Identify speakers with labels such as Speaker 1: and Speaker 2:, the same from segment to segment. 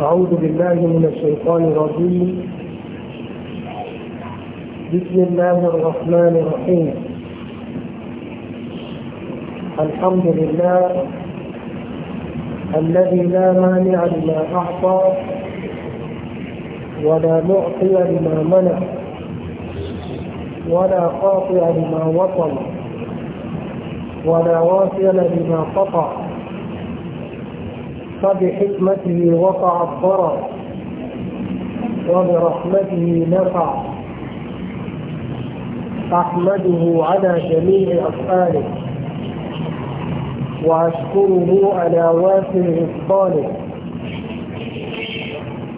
Speaker 1: أعوذ بالله من الشيطان الرجيم بسم الله الرحمن الرحيم الحمد لله الذي لا مانع لما أعطى ولا معطي لما منع ولا قاطع لما وصل ولا واصل لما قطع فبحكمته وقع الضرر وبرحمته نفع أحمده على جميع أفعاله وأشكره على وافر إفضاله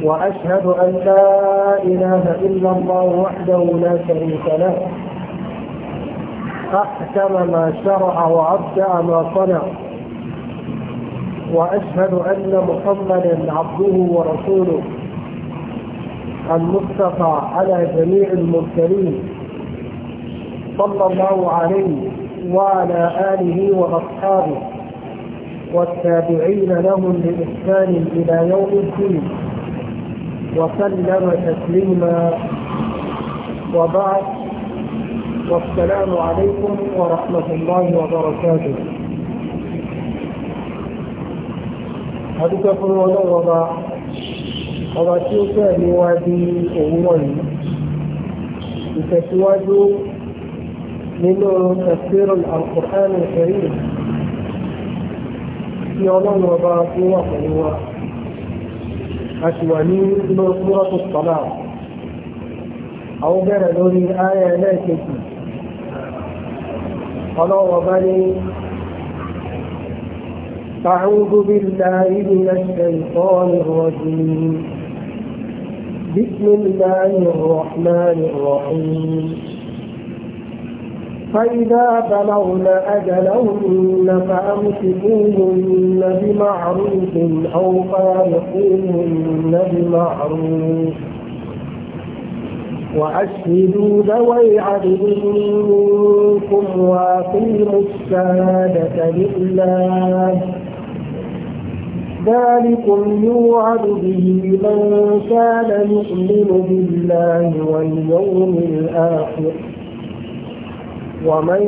Speaker 1: وأشهد أن لا إله إلا الله وحده لا شريك له أحكم ما شرع وأبدأ ما صنع وأشهد أن محمدا عبده ورسوله المصطفى على جميع المرسلين صلى الله عليه وعلى آله وأصحابه والتابعين لهم بإحسان إلى يوم الدين وسلم تسليما وبعد والسلام عليكم ورحمة الله وبركاته adúpẹ́ fún ọlọ́run ọba ọba tí ó fẹ́ ní wá di òwúrọ̀ yìí ìtẹ̀síwájú nínú tafsir al-Qur'an al-Karim tí ọlọ́run ọba tí wà pẹ̀lú wa a sì wà ní inú Suratul àwọn bẹ̀rẹ̀ lórí ayẹyẹ lẹ́ẹ̀kejì ọlọ́run ní أعوذ بالله من الشيطان الرجيم بسم الله الرحمن الرحيم فإذا بلغن أجلهن فأمسكوهن بمعروف أو فارقوهن بمعروف وأشهدوا ذوي عدل منكم وأقيموا الشهادة لله ذلكم يوعد به من كان يؤمن بالله واليوم الآخر ومن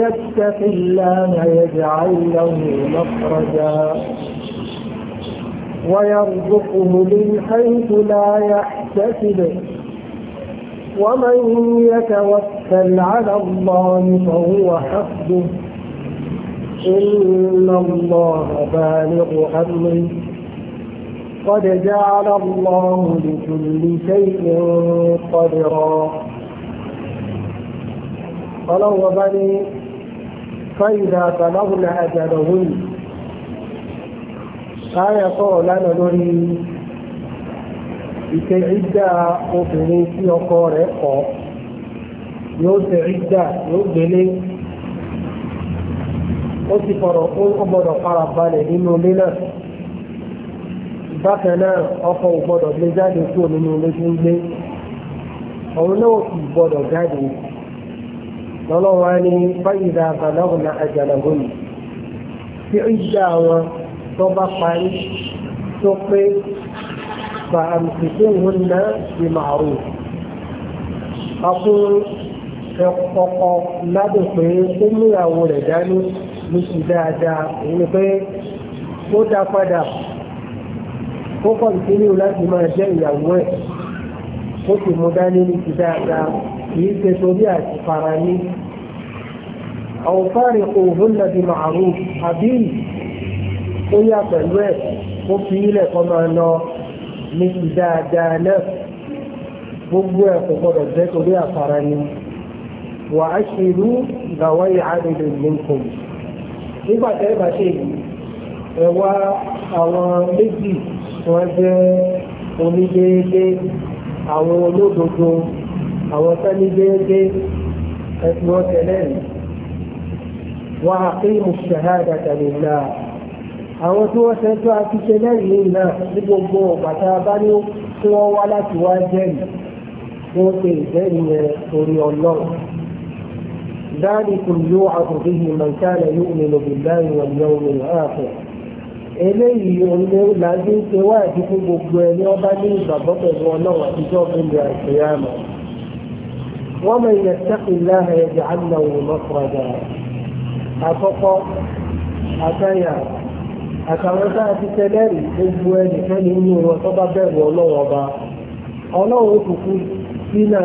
Speaker 1: يتق الله يجعل له مخرجا ويرزقه من حيث لا يحتسب ومن يتوكل على الله فهو حفظه إن الله بالغ أمره قد جعل الله لكل شيء قدرا فلو بني فإذا بلغن أجلهن آية طولنا لوري ìtẹ̀rídà obìnrin tí ọkọ rẹ̀ kọ̀ yóò tẹ̀rídà yóò gbélé ó ti fọ̀rọ̀ ó gbọ́dọ̀ fara balẹ̀ nínú ilé náà bákan náà ọkọ ò gbọ́dọ̀ gbé jáde kúrò nínú ilé tó ń gbé òun náà sì gbọ́dọ̀ jáde lọ́lọ́wọ́ á ní fáyidà balọ́gùnà àjàlàgónì tí ó yíjà wọn tó bá parí tó pé fa àmìtìtì òun náà di màrú ọkùnrin ọkọ ládùn pé ó mú ìyàwó rẹ̀ dání mùsùlùmí ṣe dáadáa èyí ni pé ó dá padà ó kọ̀ǹtínú láti máa jẹ́ ìyàwó ẹ̀ ó sì mú dání ní ti dáadáa kìí ṣe torí àti fara ní. àwọn fáàrí òhun nàbí màrún àbí ó yà pẹ̀lú ẹ̀ ó fi ilẹ̀ kan máa lọ ní ti dáadáa náà gbogbo ẹ̀ kò gbọdọ̀ jẹ́ torí àfara ní. wà á ṣe irú ìgbàwáyé àdéhùn nìkan nígbà tẹ́ ẹ bá ṣe yìí ẹ wá àwọn méjì wọ́n jẹ́ onídéédé àwọn olódodo àwọn sẹ́ni déédé ẹ̀sìn wọn tẹ̀lé rí wà á pé mùsàlá náà àwọn tí wọ́n ṣẹ́jọ́ àfiṣẹ́ lẹ́rìí náà ní gbogbo bàtà bá tí wọ́n wá láti wá jẹ́rìí wọ́n ṣe ìjẹ́rìí yẹn orí ọlọ́run. ذلكم يوعظ به من كان يؤمن بالله واليوم الآخر eléyìí òun la fi ń ṣe wáàdí fún gbogbo ẹni ọba ní ìgbàgbọ́ pẹ̀lú ọlọ́run àtijọ́ fún mi wọ́n mọ ìyẹn sẹ́kìlá ẹ̀jẹ̀ ànáwó lọ́kọ̀ọ́dà àkọ́kọ́ àtàyà àtàwọn tá a ti tẹ́lẹ̀rì gbogbo ẹnìkẹ́ni nínú wọn tó bá bẹ̀rù ọlọ́run ọba ọlọ́run sínú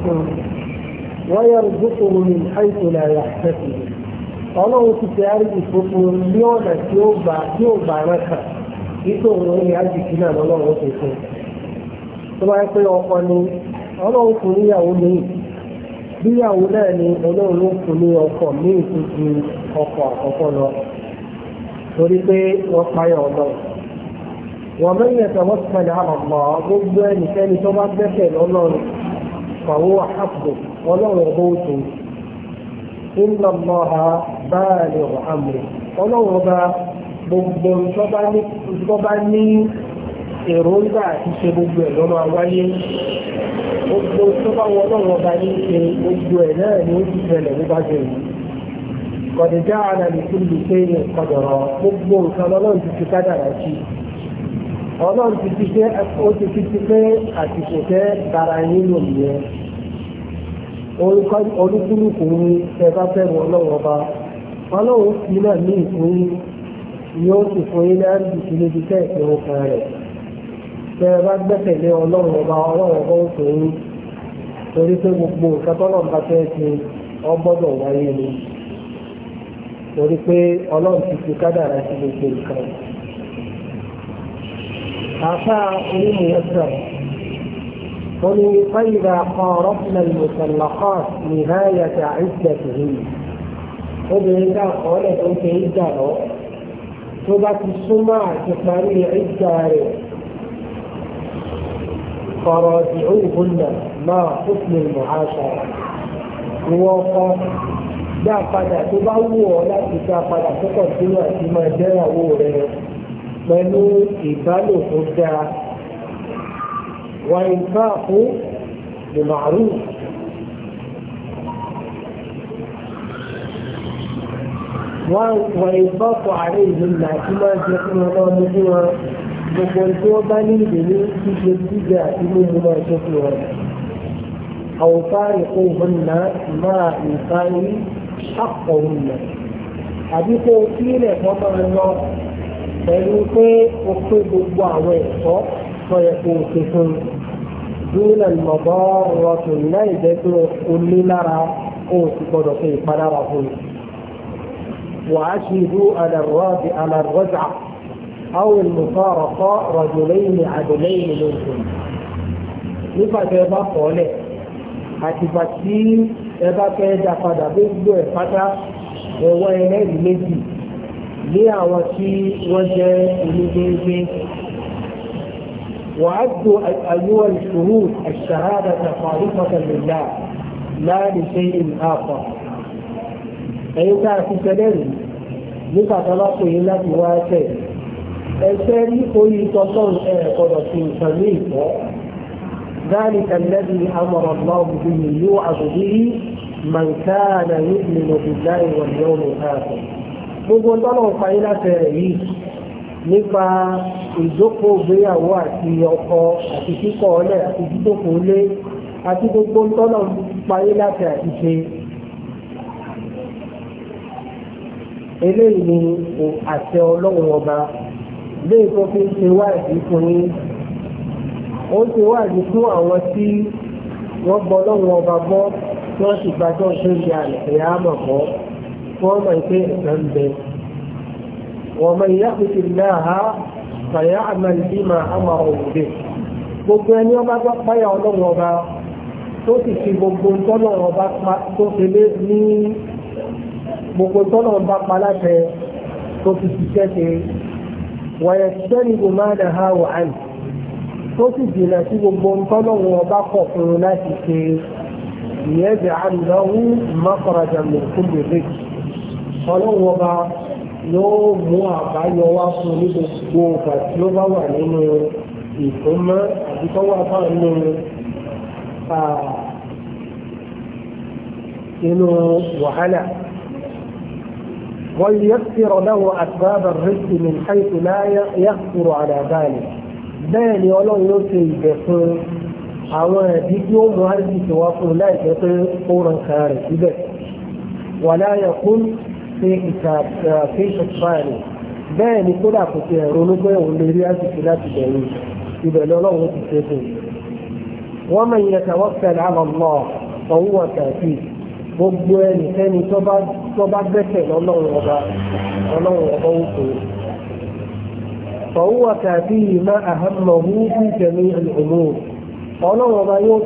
Speaker 1: fún ويرزقه من حيث لا يحتسب ọlọ́run ti ṣe àríjì fúnfún ní ọ̀nà tí ó gbà tí ó gbà rán kà títò ní àjèjì náà lọ́lọ́run ṣe fún tó bá yẹ pé ọkọ ni ọlọ́run níyàwó bíyàwó náà ni ọlọ́run ní ọkọ ọkọ àkọ́kọ́ lọ torí pé wọ́n payọ̀ ọlọ́run wọ́n mẹ́rin ẹ̀sẹ̀ wọ́n ti pẹ̀lẹ́ àmọ̀ gbogbo ẹnikẹ́ni tó bá lọ́lọ́run ọlọ́run ọgbọ́n oṣù ńlọ mọ́ ha báàlì ọ̀hámù ọlọ́run ọba gbogbo ní èròǹgbà gbogbo ẹ̀ lọ́nà àwáyé gbogbo ọlọ́run ọba ní ṣe gbogbo ẹ̀ náà ni ó ti yìí kọ̀dẹ̀já ara ní kí ṣe ní gbogbo nǹkan ọlọ́run ti ti kádàrà sí ọlọ́run ti ti ṣe yín lòmìnira olúkúlùkù ní ẹ̀bá fẹ́rù ọlọ́run ọba ọlọ́run fi náà ní ìpín ni ó sì fún yín láti ìṣẹ́lẹ́bí tẹ́ ìpín ọkàn rẹ̀ tẹ́ ẹ bá gbẹ́kẹ̀lé ọlọ́run ọba ọlọ́run ọba ó fún yín torí pé gbogbo nǹkan tọ́lọ́run bá fẹ́ ṣe ọ gbọ́dọ̀ wáyé ni torí pé ọlọ́run ti fi kádàrá sí gbogbo nǹkan. àfa onímọ̀ yẹn sọ̀rọ̀. قل فإذا قاربنا المطلقات نهاية عدتهن obìnrin tá a kọ́ ọ́ lẹ́tọ̀ọ́ ṣe ìjà lọ tó bá ti súnmọ́ àti parí ìjà rẹ̀ kọ̀rọ̀ ọ̀dì òǹgbòǹdà máa fúnni mọ̀ àṣà ìwọ ọkọ dá padà tó bá wù ọ́ láti dá padà tó kọ̀ sínú àti máa jẹ́yàwó rẹ̀ pẹ̀lú ìbálò dáa. وإنفاق بمعروف وإنفاق عليهن كما يقول الله هو gbogbo tí wọ́n bá ní ìdèmí ṣíṣe jíjà inú mi máa ṣe fún wọn. àwòfá ìkó ìbọn náà máa nǹkan rí àkọ̀wé náà. àbí kó o kí ilẹ̀ kan máa lọ pẹ̀lú pé o pé gbogbo àwọn ẹ̀kọ́ tó yẹ kó o ṣe fún un dúnà mọ̀bọ́ rọ̀tún láì jẹ́ pé o ní lára o sì gbọ́dọ̀ ṣe ìpadára fún mi. وعشهد على الراجع على الرجعة أو المفارقة رجلين عدلين منكم nípa tẹ bá kọ́ lẹ̀ àtìgbà tí ẹ bá fẹ́ dá padà gbogbo ẹ̀ pátá ẹ̀wọ́ ẹlẹ́rìí méjì ní àwọn tí wọ́n jẹ́ onígbéńgbé وعدوا أيها الشهود الشهادة خالصة لله لا لشيء آخر أيها الكتابين نفع تلاقوا إلا في واتين أشاري قوي تصل أعقد آه، في صديقه ذلك الذي أمر الله به يوعظ به من كان يؤمن بالله واليوم الآخر بقول الله فإلى تاريخ nípa ìjókòó ìgbéyàwó àti ọkọ àti kíkọ ọlẹ àti dídòkò lé àti gbogbo tọ́nà parí láti àtìṣe eléyìí ni àṣẹ ọlọ́run ọba léyìí tó fi ń ṣe wáàdí fún yín ó ń ṣe wáàdí fún àwọn tí wọ́n gbọ́ ọlọ́run ọba gbọ́ tí wọ́n sì gbàjọ́ ìṣèjì àlẹ́ ẹ̀yà àmọ̀ gbọ́ tí wọ́n mọ̀ ẹ̀sán ń ومن يخف الله فيعمل بما امره به gbogbo ẹni ọba tó páyà ọlọ́run ọba tó sì fi gbogbo tọ́lọ́run ọba tó fi lé ní gbogbo tọ́lọ́run ọba pa láṣẹ tó fi ṣiṣẹ́ ṣe wọ̀nyẹ sẹ́ni gòmáàdà ha wà áì tó sì jìnà sí gbogbo tọ́lọ́run ọba kọ̀ fún un láti ṣe ìyẹ́dẹ̀ àlùdáwù mọ́kànlá jàmbá fún bèbè ọlọ́run ọba yóò mú àbáyọ wá fún ní gbogbo ọgbà tí ó bá wà nínú ìfúnmọ́ àti tó wà bá nínú inú wàhálà. وليسر له أسباب الرزق من حيث لا يخطر على باله bẹ́ẹ̀ ni ọlọ́run ló ṣe ìbẹ̀ fún àwọn ẹ̀bí tí ó mú àìsí tí wá fún láìpẹ́ pé ó ràn kàrẹ̀ síbẹ̀ wà láyẹ̀kún ṣe interpretation trial bẹ́ẹ̀ ni kódà kò ti ẹ̀rọ onígbẹ́ òun lè rí àṣìṣe láti bẹ̀rù ìbẹ̀rẹ̀ ọlọ́run ti ṣe fún wa man yatawakkal ala Allah fa huwa kafih gbogbo ẹnikẹ́ni tó bá gbẹ́sẹ̀ lọ́lọ́run ọba ọlọ́run ọba òkú fa huwa kafih ma ahammahu fi jami' al-umur ọlọ́run ọba yóò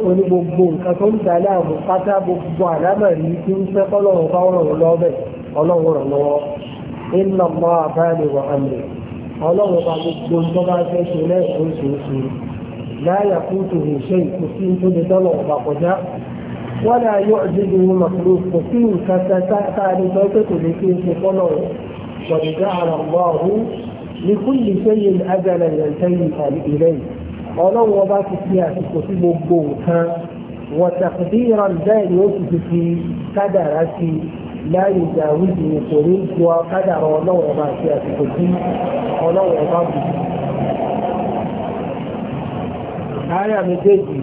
Speaker 1: tó ọlọ́run ràn lọ́wọ́ iná mọ́ abáyé wà ámì ọlọ́run bá gbogbo tó bá fẹ́ ṣe lẹ́ẹ̀kọ́ ìṣòṣù láyà fún tòun ṣe kò sí tó lè dọ́lọ̀ ọ̀pá kọjá wọ́n náà yọ ìdíje wọn màkúrò kò sí nǹkan kan táàrí tó pé kò lè fi ń ṣe fọ́nà ṣọ̀dọ̀dá àrà ọ̀gbọ́n ọ̀hún ní kúlì ṣẹ́yìn ágàlẹ̀ yẹ̀ntẹ́yìn tàbí ìrẹ́yìn ọlọ́run ọba ti fi àsìkò sí gbogbo nǹkan wọ̀tàkùdíran bẹ́ẹ̀ ni ó ti fi kádàrá sí i láyé ìdáwí di ìkòrí ju akádàrọ ọlọ́wọ́ ọba àti àsìkò tí ọlọ́wọ́ ọba bù. Àyà méjèèjì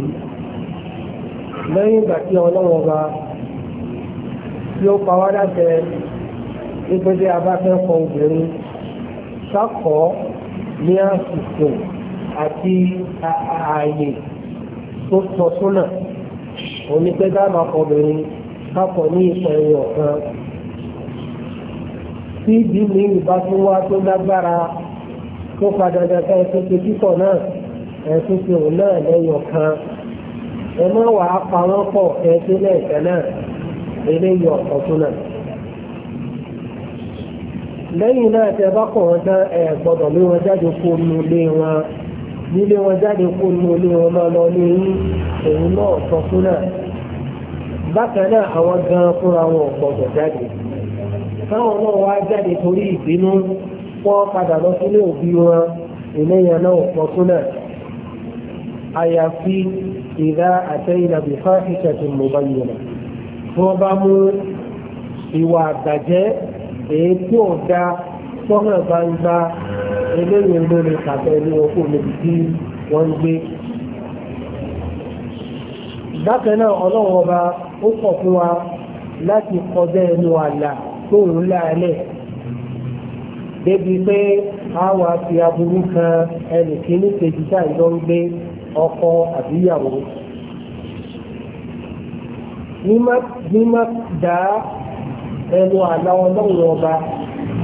Speaker 1: lẹ́yìn ìgbà tí ọlọ́wọ́ ọba tí ó pa wá láṣẹ ìpèsè abáfẹ́kọ̀ obìnrin sákọ̀ọ́ ní àsìkò àti ààyè tó sọ sọ́nà onígbẹ́dá àmàkọ́ obìnrin. papọ̀ ní ipò ẹ̀yọ̀ kan tí ìdí ní ìbá tún wá tó lágbára tó padà dàgbà ẹ̀sùn náà ẹ̀sùn ti òun náà kan ẹ má wà á pa wọ́n pọ̀ ẹ̀sùn lẹ́ẹ̀kan náà náà lẹ́yìn náà tẹ bá kọ̀ ẹ gbọ́dọ̀ lé wọn jáde kó nu wọn nílé wọn jáde kó nu wọn lọ ní bákan náà àwọn gan fúnra wọn ò gbọdọ̀ jáde káwọn náà wá jáde torí ìbínú wọ́n padà lọ sílé òbí wọn ìléyàn náà pọ̀ súnà àyàfi ìdá àtẹ́yìnà bí fáṣíṣẹ́ tó tí wọ́n bá mú ìwà àgbàjẹ́ èyí tí ò da sọ́hàn gbangba eléyìí lórí tàbí ẹni okú níbi tí wọ́n ń gbé. bákan náà ọlọ́run ọba ó kọ̀ fún wa láti kọjá ẹnu àlà tó ń láàlẹ̀ débi pé a wá fi aburú kan ẹnì kíní kejì tá ìjọ ń gbé ọkọ àbíyàwó mímá dá ẹnu àlà ọlọ́run ọba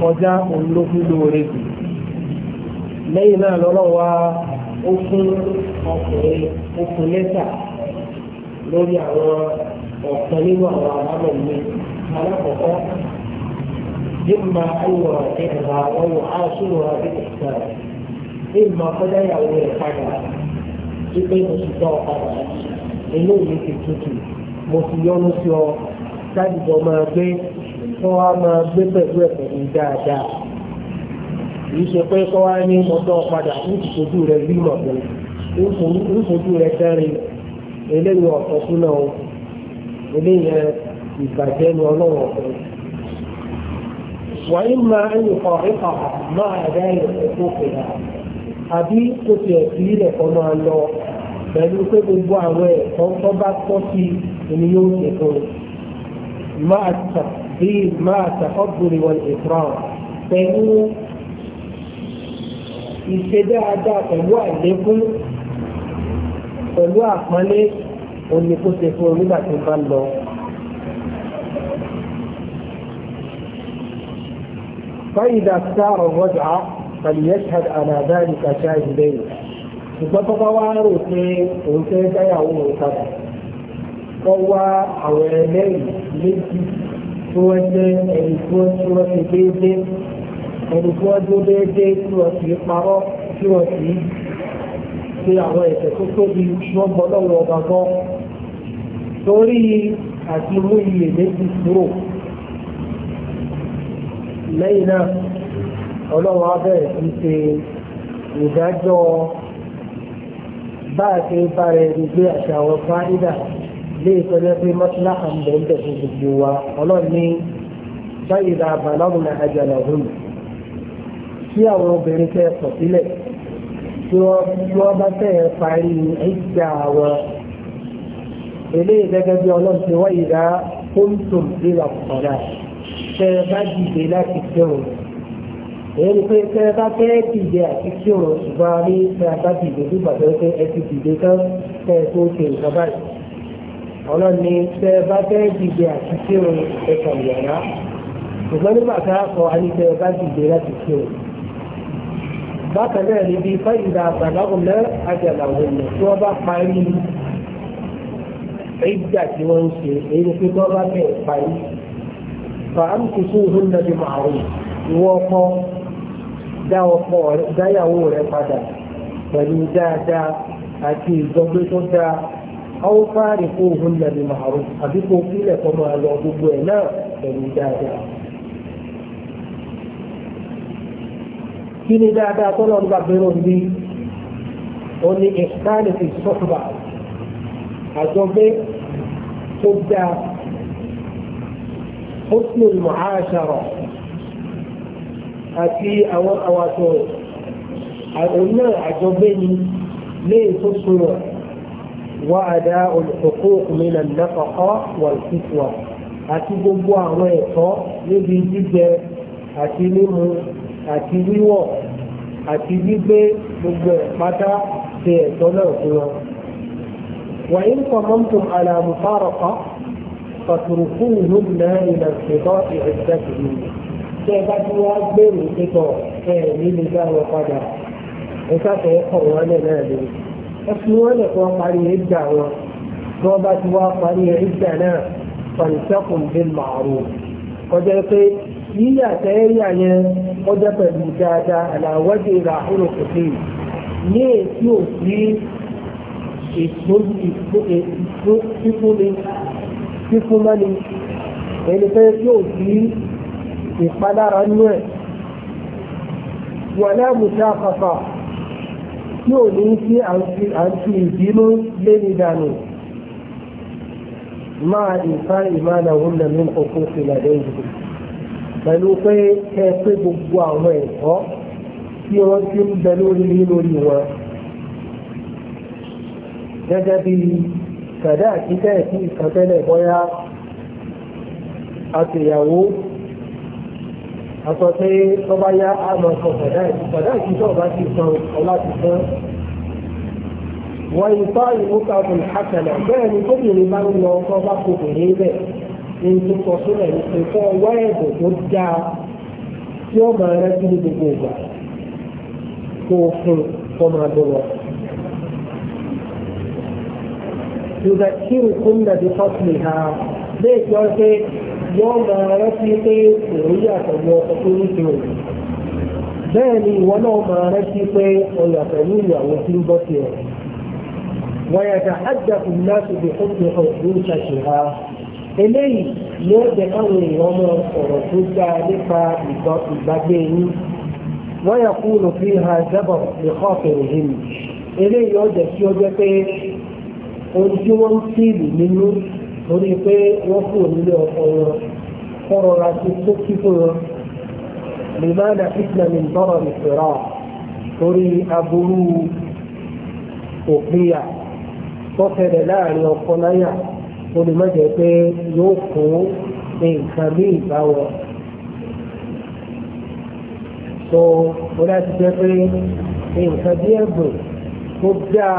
Speaker 1: kọjá òun ló jù lẹ́yìn náà lọ́lọ́ ó fún ọkùnrin ó fún lẹ́tà lórí àwọn ọ̀kan nínú àwọn àbábọ̀ mi alákọ̀ọ́kọ́ nígbà ayọ̀ àti ẹ̀rọ ọwọ́ aṣọ́rọ̀ àti ìgbà nígbà kọjá ìyàwó rẹ̀ padà wípé mo sì tọ́ ọ padà inú mi ti tutù mo sì yọnu sí ọ sáàdìjọ máa gbé kọ́ wa máa gbé pẹ̀lú ẹ̀fẹ̀ mi dáadáa kìí ṣe pé kọ́ wa ní mo tọ́ padà ń ti rẹ̀ rí mọ̀ pé ń fojú rẹ̀ dẹ́rin eléyìí ọ̀tọ̀ súná o eléyẹn ìbàjẹ́ ni ọlọ́run ọ̀fẹ́. wàá ń máa ń yọkọ̀ ìkà máa ẹ̀dá ìrẹ̀lẹ̀ tó kéda àbí kò tiẹ̀ sí ilẹ̀ kan máa lọ pẹ̀lú pé gbogbo àwọn ẹ̀kọ́ tó bá tọ́ sí ẹni yóò ṣe fún un. máa tàbí máa tàkọ́bùrì wọn ìfúràn pẹ̀lú ìṣe dáadáa pẹ̀lú àlékún pẹ̀lú àpọ́nlé ó ní kó ṣe fún nígbà tó bá lọ. فإذا اختار الرجعة فليشهد على ذلك شاهدين ṣùgbọ́n tó bá wá rò pé òun fẹ́ dáyàwó òun padà kó wá àwọn ẹlẹ́rìí méjì tí wọ́n jẹ́ ẹni tí wọ́n tí wọ́n ti déédé ẹni tí wọ́n dúró déédé tí wọ́n sì parọ́ tí wọ́n sì ṣe àwọn ẹ̀ṣẹ̀ tó tóbi tí wọ́n gbọ́dọ̀ wọ ọba gan torí àti mú iye méjì kúrò lẹ́yìn náà ọlọ́run á bẹ̀rẹ̀ ṣe ìdájọ́ bá a ṣe bá rẹ̀ gbé àṣà fáìdà lè tọ́jú pé mọ́tílá àmọ́ńdẹ̀ fún gbogbo wa ọlọ́run ní báyìí la náà àjàlá òun kí àwọn obìnrin fẹ́ sọ sílẹ̀ tí wọ́n bá fẹ́ parí ìjà eléyìí gẹ́gẹ́ bí ọlọ́run ṣe wá ìdá kóńtòm ìlà ọ̀dà tẹ́ ẹ bá dìde láti kírun èyí pé tẹ́ ẹ bá fẹ́ dìde àti kírun ṣùgbọ́n ní tẹ́ ẹ bá dìde bí bàtẹ́ pé ẹ ti dìde tán tẹ́ ẹ tó ṣe nǹkan báyìí ọlọ́run ni tẹ́ ẹ bá fẹ́ dìde àti kírun ẹ kàn yàrá ṣùgbọ́n nígbà tá a sọ àní tẹ́ ẹ bá dìde láti kírun bákan náà níbi fẹ́ ìdá àgbàlagbọ̀n náà àjàlà òun ni tí wọ́n bá parí ìgbà tí wọ́n ń ṣe èyí pé tó bá fẹ́ parí fàámkùsù òhun nàbí màrún ìwọ ọkọ dáyàwó rẹ padà pẹ̀lú dáadáa àti ìjọgbé tó dáa àwọn fáàrí kó òhun nàbí màrún àbí kó fílẹ̀ kọ́ máa lọ gbogbo ẹ̀ náà pẹ̀lú dáadáa. kí ni dáadáa tó lọ́nà gbàgbé rò ní ó ní ìsánìtì sọ́kùbà àjọgbé tó dáa ó sì lè mọ̀ àṣàrọ̀ àti àwọn àwàtò àwọn náà àjọgbé ni léyìn tó sunwọ̀n wá àdá olùkókó òkùnrin náà nàkọ̀kọ́ wà lùkùkùwà àti gbogbo àwọn ẹ̀tọ́ níbi jíjẹ àti mímu àti wíwọ̀ àti gbígbé gbogbo ẹ̀ pátá ṣe ẹ̀tọ́ náà fún wọn. وإن صممتم على مفارقة فتركوهن إلى انقضاء عدتهن كيف توابر انقضاء من الله وقدر وكيف يقرون نادر أسلوانك وقعي الدعوة وبات وقعي عدنا فلتقم بالمعروف قد يقول يا تيريا يا قد تبدأ على وجه راحل القصير ليه يوصي ètò ètò fífúnni fífúnmọ́ni ẹni pé yóò sí ìpadára nú ẹ̀ wọ̀n lẹ́mùsá fàfà yóò ní sí àǹtí ìbínú léni dànù máa ìfá ìmáàlà òun lẹ́nu òkú ìlà lẹ́yìn pẹ̀lú pé ẹ pé gbogbo àwọn ẹ̀kọ́ tí wọ́n ti ń bẹ lórí lórí wọn gẹ́gẹ́ bí sàdá àkíkẹ́ ẹ̀sìn ìkàtẹ́lẹ̀ bọ́yá àtìyàwó aṣọ pé tó bá yá àmọ́ ọkọ̀ sàdá àkíkẹ́ sàdá àkíkẹ́ ọba ti san ọlá ti san wọ́n yìí tọ́ ìwúkà ọ̀gbìn àkànà bẹ́ẹ̀ ni gómìnà bá ń lọ ọkọ̀ bá kòkò ní bẹ́ẹ̀ ní tó يذكركن بفضلها ليش يقول يوم عرفتي pé òun yàtọ̀ ní ọkọ̀ tó ní tiwọn bẹ́ẹ̀ ni ìwọ náà máa rántí pé ọ̀yàtọ̀ ní ìyàwó tí ń bọ́ tiẹ̀ ويتحدث الناس بحب حدوث شها eléyìí yóò jẹ káwọn èèyàn mọ ọ̀rọ̀ tó dáa nípa ìgbàgbé yín wọ́n yà kúrò fi hàn jábọ̀ ìkọ́ ọ̀fẹ́ òhìn eléyìí yóò jẹ kí ó jẹ pé ohun tí wọ́n ń fìlì nínú lórí pé wọ́n kú nílé ọkọ wọn kọ́rọ̀ ra sí sókí fún wọn lèmánà fitna ní bọ́rọ̀ nìfẹ̀rà torí aburú òpínyà tó fẹ̀rẹ̀ láàrin ọkọ láyà ó lè má jẹ́ pé yóò kún nǹkan ní ìbáwọ̀ so ó láti jẹ́ pé nǹkan bí ẹ̀bùn tó dáa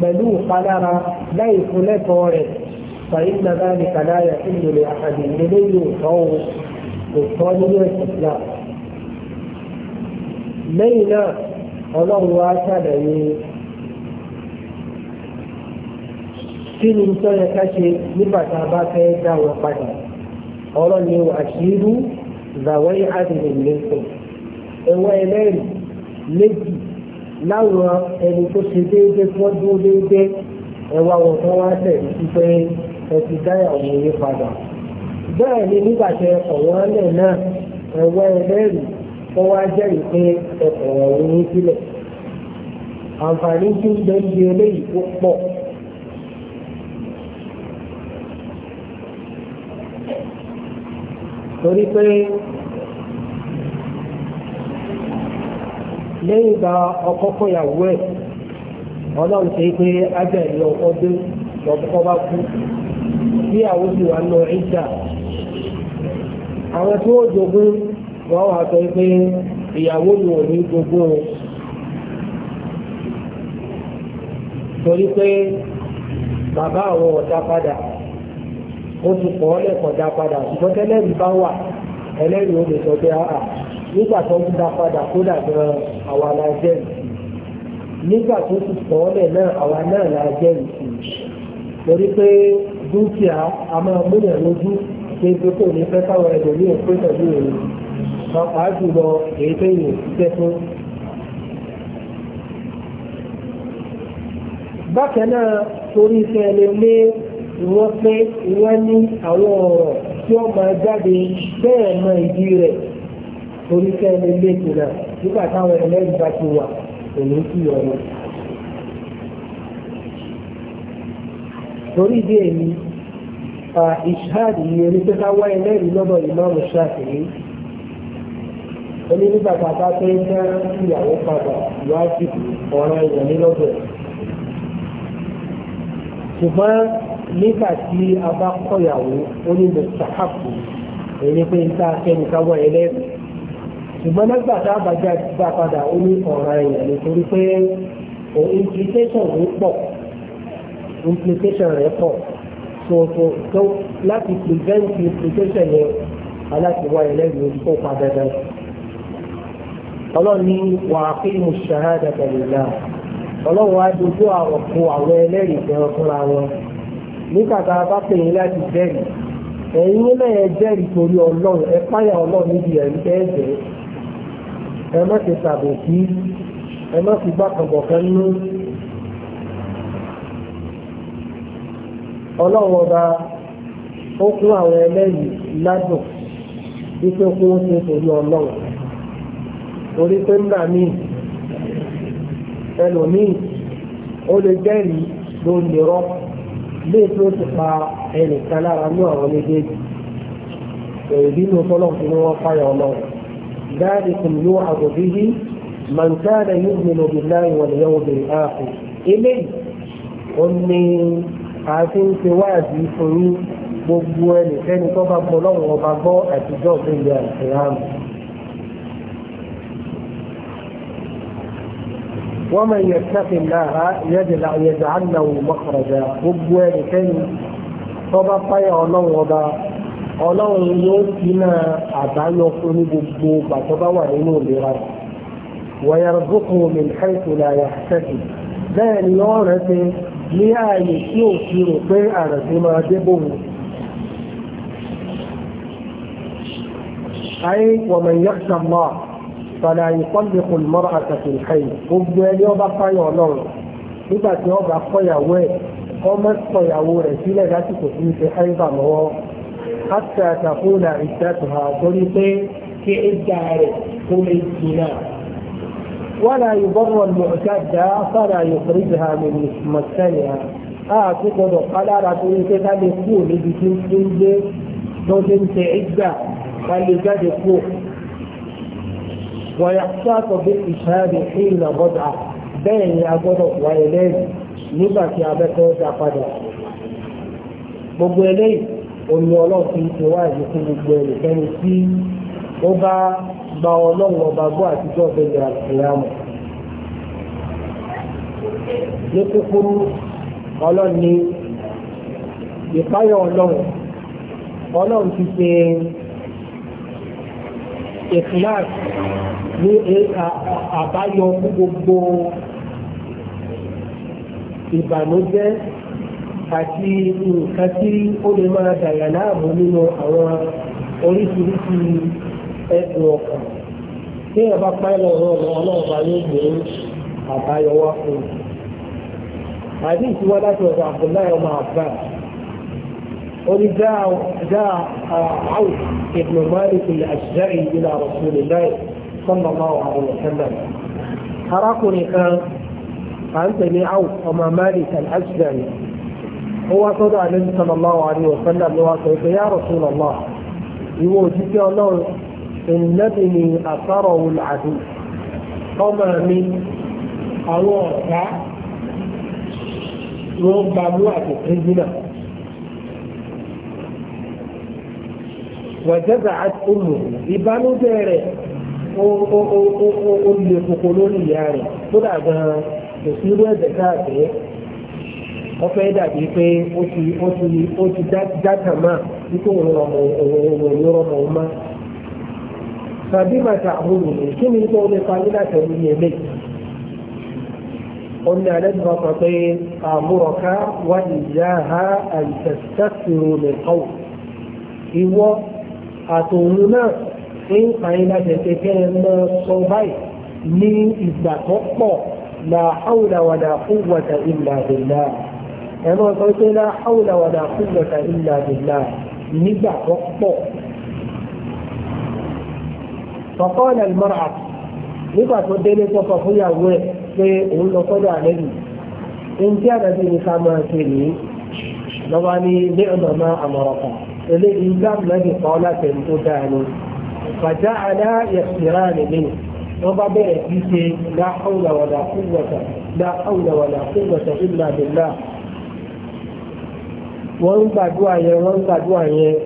Speaker 1: pẹ̀lú ìpalára láì fún lẹ́tọ̀ọ́ rẹ̀ fàyín nàbà ní kàdáyà tí mo lè àkàdé nílé yóò tọ́ o kò tọ́ nínú ẹ̀sìn Islam. lẹ́yìn náà ọlọ́run wa ṣàlàyé kí ni tó yẹ ká ṣe nígbà tá a bá fẹ́ dá wọn padà ọ̀rọ̀ ni àṣírú ìgbàwọ́ yìí á ti lè lè pè ẹlẹ́rìí méjì láwọn ẹni tó ṣe déédéé tí wọ́n dúró déédéé ẹwà wọn kan wá tẹ̀ sí pé ẹ ti dá ìyàwó yín padà. bẹ́ẹ̀ ni nígbà tẹ ọ̀wọ́n alẹ̀ náà ẹ̀wọ́ ẹlẹ́rìí wọ́n wá jẹ́rìí pé ẹ̀kọ́ ọ̀hún yín sílẹ̀. àǹfààní tí ń bẹ ń eléyìí tó pọ̀. torí pé lẹ́yìn ìgbà ọkọ fọyàwó ẹ̀ ọlọ́run ṣe pé ábẹ́ẹ̀lì ọkọ dé lọ́kọ́ bá kú bí àwọn sì wà lọ ìjà àwọn tí wọ́n jogún wọ́n wà sọ pé ìyàwó ni ní jogún o torí pé bàbá àwọn ọ̀dà padà ó ti pọ̀ lẹ́kọ̀ọ́ dá padà ṣùgbọ́n tẹ́lẹ̀rí bá wà ẹlẹ́rìí ó lè sọ pé padà kódà gan-an àwa la jẹ́rìí nígbà tó ti sọ̀ọ́lẹ̀ náà àwa náà la jẹ́rìí torí pé dúkìá a máa múyàn lójú pé gbogbo ní fẹ́ káwọn ẹlòmíràn pé pẹ̀lú òun pàápàá jùlọ èyí tó yìn òṣìṣẹ́ bákan náà torí iṣẹ́ ẹni lé wọ́n pé wọ́n ní àwọn ọ̀rọ̀ tí wọ́n máa jáde bẹ́ẹ̀ torí kẹ́ ẹni léèkì náà nígbà táwọn ẹlẹ́rìí bá ti wà èyí ń kí ọ̀nà. torí ìdí èyí ìṣáàdì yìí ẹni pé ká wá ẹlẹ́rìí lọ́dọ̀ ìmáàmù Ṣáfi'í onígbà bàbá pé ń fẹ́ ìyàwó padà ìwádìí ọ̀rọ̀ ìwọ̀n nílọ́dọ̀ ẹ̀. ṣùgbọ́n nígbà tí a bá kọ̀yàwó onímọ̀ sàkàkù èyí pé ń ta akẹ́nìkan wọ ẹlẹ́rìí ṣùgbọ́n nígbà tá a bá gbà padà ó ní ọ̀ràn èèyàn nítorí pé o implication rẹ̀ pọ̀ implication rẹ̀ pọ̀ so so so láti prevent implication yẹn aláṣẹwà ẹlẹ́yìn olùkọ́ padà dá ọlọ́run ní wà á pé mo ṣàhádà pẹ̀lú náà ọlọ́run wá dojú àwọn kó àwọn ẹlẹ́rìí jẹun fúnra wọn nígbà bá pè yín láti jẹ́rìí ẹ̀yin náà ẹ jẹ́rìí torí ọlọ́run ẹ páyà ọlọ́run níbi ẹ̀rí bẹ́ẹ̀ bẹ́ẹ̀ ẹ má ti ṣàbòsí ẹ má ti gbàkànbọ̀kan nú. ọlọ́run ọba ó kún àwọn ẹlẹ́yìí ládùn wípé kó o ṣe torí ọlọ́run torí pé ńlá mi ẹlòmíì ó lè jẹ́rìí ló ń lè rọ́ lé tó ti pa ẹnìkan lára ní àwọn méjèèjì èyí ló tọ́lọ̀ fún wọn fáyọ̀ ọlọ́run. ذلكم يوعظ به من كان يؤمن بالله واليوم الآخر إليه أني عارفين سوادي فيه gbogbo ẹnikẹ́ni tó bá gbọ́ lọ́wọ́ ọba gbọ́ àtijọ́ tó yẹ àìsàn wọ́n mọ̀ yẹ kẹ́kì náà yẹ jẹ́ àlọ́ mọ́kànlá gbogbo ẹnikẹ́ni tó bá fáyà ọlọ́wọ́ ọba ọlọ́run yóò dínà àbáyọ fún ní gbogbo bàtọ́ bá wà nínú ìlera rẹ̀ wọ̀yàrùbùkún min haythu la yahtasib bẹ́ẹ̀ ni wọ́n rẹ̀ ṣe ní ààyè tí ò fi rò pé àrẹ̀sí máa dé bòun. ayé wọ̀mọ̀ yakhsha Allah fala yutalliqu al-mar'ata fil hayd gbogbo ẹni ọba fáyọ̀ ọlọ́run nígbà tí ọba kọ̀yàwó ẹ̀ ọmọ kọ̀yàwó rẹ̀ sílẹ̀ lásìkò tí ń ṣe hayd lọ́wọ́ hátà tàkùnà ìdátùhà torí pé kí ìdá rẹ̀ kó lè jìnnà. ولا يضر المعتدة فلا يخرجها من مسكنها àtúgbọdọ kálára tó ń tẹ́ká lè kú níbi tí ó ń gbé tó ti ń tẹ ìgbà ká lè jáde kú. wọ́n yà sọ́tọ̀ bí ìṣáàdì sí ìlà bọ́dà bẹ́ẹ̀ ni a gbọ́dọ̀ wà ẹlẹ́rìí nígbà tí a bẹ́ tó dá padà. gbogbo eléyìí omi ọlọ́run ti wá ìlú fún gbogbo ẹnikẹ́ni tí ó bá gba ọlọ́run ọba gbọ́ àtijọ́ ọ̀gbẹ́lẹ̀ àkùnrámọ̀. ní kúkúrú ọlọ́run ni ìpáyọ̀ ọlọ́run ọlọ́run ti ṣe ìfúláàsì ní àbáyọ fún gbogbo ìbànújẹ́ àti nǹkan tí ó lè máa dàyà láàmú nínú àwọn oríṣiríṣi ẹ̀dùn ọkàn tí ẹ bá pẹ́ lọ rọ ọ̀nà ọlọ́ọ̀bá yóò gbé àbáyọ wá fún un. àbí ìtiwá láti ọ̀dọ̀ Abdullahi ọmọ àbá orí dáa àwù ìbùnú máàlìkì àṣìṣẹ́ ìdílé àròsùnlé láì sọ́nà máa wà àwọn ọ̀sẹ́lẹ̀. arákùnrin kan à ń tẹ̀lé àwù ọmọ máàlìkì àṣìṣẹ́ ó wá sọ́dọ̀ àlẹ́bí sallallahu alaihi wasallam ló wá sọ pé ya Rasulullah ìwọ òjíṣẹ́ ọlọ́run ìnẹ́bí ni àsárọ̀ òun àdùn ọmọ mi àwọn ọ̀gá ló ń ba mú àtẹ̀tẹ̀ jìnnà. wàjẹ́gà àtúmù ìbánújẹ́ rẹ̀ ó lè kókó lórí ìyá rẹ̀ kódà gan-an kò sí irú ẹ̀jẹ̀ káàkiri wọ́n fẹ́ dàbí pé ó ti ó ti ó ti dáta máa wípé òun rọmọ òun òun rọmọ òun má. tàbí màtà àmúlò ní kí ni tó lè fa ní láti ẹni ní ẹlẹ́ ó ní alẹ́ tó sọ pé àmúrọ̀ká wà ìyá ha àìsẹ̀sẹ̀sìrò lè kọ́ ìwọ àtòun náà ń pa yín láti kẹ́ ẹ mọ́ sọ báyìí ní ìgbà tó pọ̀ la hawla wa la quwwata illa ẹ máa sọ pé la hawla wala quwwata illa billah nígbà tó pọ̀. فقال المرأة nígbà tó délé tó sọ fún ìyàwó ẹ̀ pé òun lọ sọ́dọ̀ àlẹ́lù ń tí àdàbí ní ká máa ṣe ní lọ́wọ́ ní ilé ọ̀nà máa àmọ̀rọ̀kà eléyìí islam lẹ́yìn kan láti ẹni tó dáa ni fàjá àdá yẹ̀sìrá nìlé wọ́n bá bẹ̀rẹ̀ kí ṣe láhùn làwàdà kúwọ̀tà láhùn làwàdà kúwọ̀tà wọ́n ń gbàdúrà yẹn wọ́n ń gbàdúrà yẹn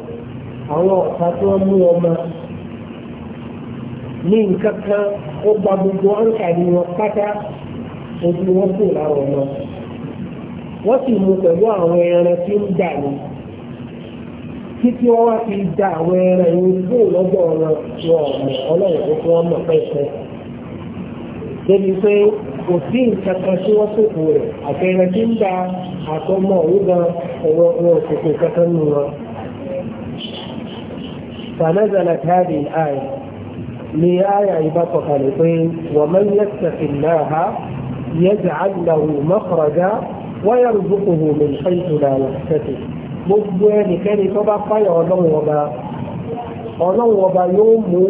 Speaker 1: àwọn ọ̀tá tí wọ́n mú ọmọ ní nǹkan kan ó gba gbogbo àǹkàrí wọn pátá ojú wọn kò lára ọmọ wọ́n sì mú pẹ̀lú àwọn ẹran tí ń dà ní títí wọ́n wá fi da àwọn ẹran yìí kó lọ́dọ̀ wọn wọn ọ̀mọ̀ ọlọ́run tó fún wọn mọ̀ pẹ́ẹ́pẹ́ débi pé kò sí nǹkan kan tí wọ́n sòkò rẹ̀ àtẹ̀rẹ̀ tí ń da àtọmọ òwúgan ẹ̀rọ wọn òkòkò kankan nù wọn. فنزلت هذه الآية لآية عبادة خالقين ومن يتق الله يجعل له مخرجا ويرزقه من حيث لا يحتسب gbogbo ẹnikẹ́ni tó bá fáyà ọlọ́run ọba ọlọ́run ọba yóò mú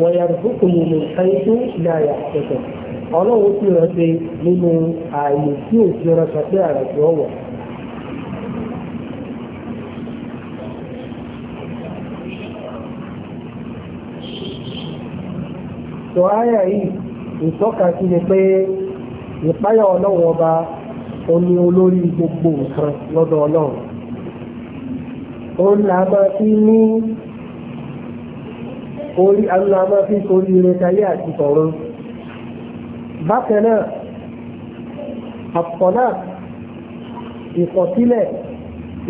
Speaker 1: ويرزقني من حيث لا يحتسب ọlọ́run ti rẹ̀ ṣe nínú ààyè tí ò ti rẹ̀ ṣàtẹ́ ààrẹ tí ó wọ̀. tó áyà yìí ìtọ́ka sí ni pé ìpáyà ọlọ́run ọba ó ní olórí gbogbo nǹkan lọ́dọ̀ ọlọ́run. ó là máa fi ní orí àwọn àmọ́ fi sórí ire tayé àti tọ̀run bákan náà àpọ̀nà ìkọ̀sílẹ̀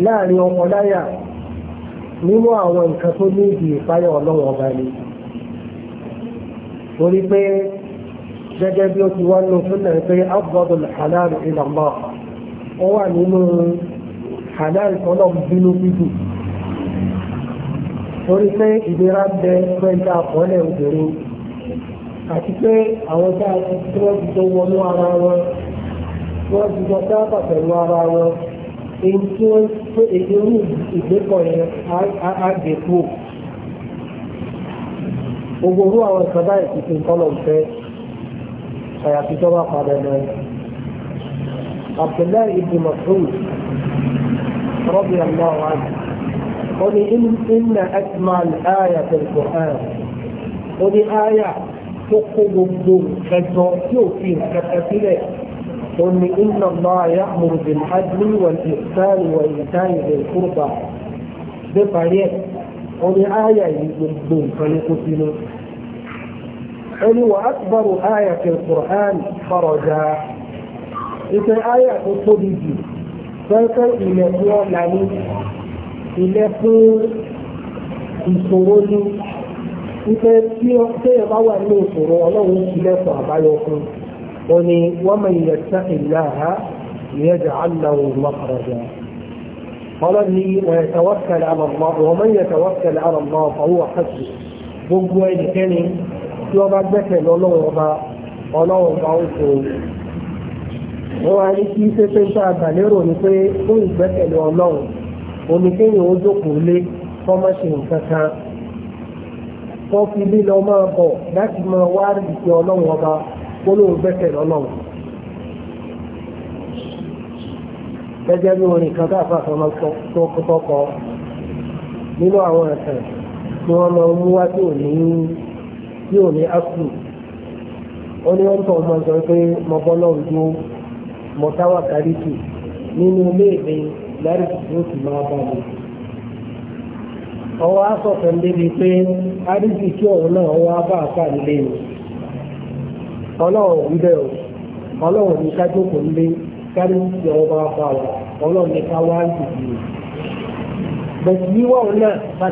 Speaker 1: láàrin ọmọ láyà nínú àwọn nǹkan tó ní ìdí ìpáyà ọlọ́wọ́ ọba ni torí pé gẹ́gẹ́ bí ó ti wá nínú súnlẹ̀ pé abdul halal ilallah ó wà nínú halal tọ́lọ̀ bínú bídù torí pé ìlera ń bẹ pẹ́ńtà àkọọ́lẹ̀ obìnrin àti pé àwọn tá a ti tí wọ́n ti tó wọnú ara wọn wọ́n ti sọ sábà pẹ̀lú ara wọn èyí tí wọ́n pé èyí ní ìgbékọ̀ yẹn á gbé kú. gbogbo orú àwọn ìsọdá ìsìnkú kọ́lọ̀ ń fẹ́ àyàfi tó bá padà lọ. Abdullahi ibn Mas'ud رضي الله عنه قل إن, إن أجمل آية في القرآن قل آية تقوم الدور كالتوكيو فيها كالتفلة قل إن الله يأمر بالعدل والإحسان وإيتاء ذي القربى بطريق قل آية الدور فليقتلوا قل وأكبر آية في القرآن فرجا إذا آية تصدقي فلتر إلى الله ìlẹ́kùn ìṣòro ni wípé tí èèyàn bá wà nínú ìṣòro ọlọ́run ìlẹ́kùn àbáyọ fún un ni wọ́n mọ ilẹ̀ tí ìlà ha ìyẹ́jà aláwọ̀ mọ́kànlá ọlọ́run ni ويتوكل على الله ومن يتوكل على الله فهو حسبه gbogbo wọ́n bá gbẹ́kẹ̀ lọ́lọ́wọ́ ọba wọ́n wá ní kí pépé ń tá àgbàlérò ni pé fún ìgbẹ́kẹ̀lé ọlọ́run oníkéyìn ó jókòó lé fọ́mọ́sì nǹkan kan tó fi lílọ máa bọ̀ láti máa wá ìgbẹ́ ọlọ́run ọba gbólóhùn gbẹ́sẹ̀ lọ́lọ́run. gẹ́gẹ́ bí orin kan dáàbà sọmọ tó kọ́kọ́ nínú àwọn ẹ̀sẹ̀ tí wọ́n máa ń mú wá tí ò ápù ó ní wọ́n tọ́ ọmọ sọ pé mo bọ́ lọ́run dúró mo táwà lárí tó sì máa bá mi. ọwọ́ asọ̀tọ̀ ń débi pé àdìsí kí òun náà ọwọ́ abá o ọlọ́run ní ká jókòó nílé kárí tí ọwọ́ bá bá wa ọlọ́run ní ká wá ìdìbò rẹ̀. bẹ̀sì wíwá òun náà bá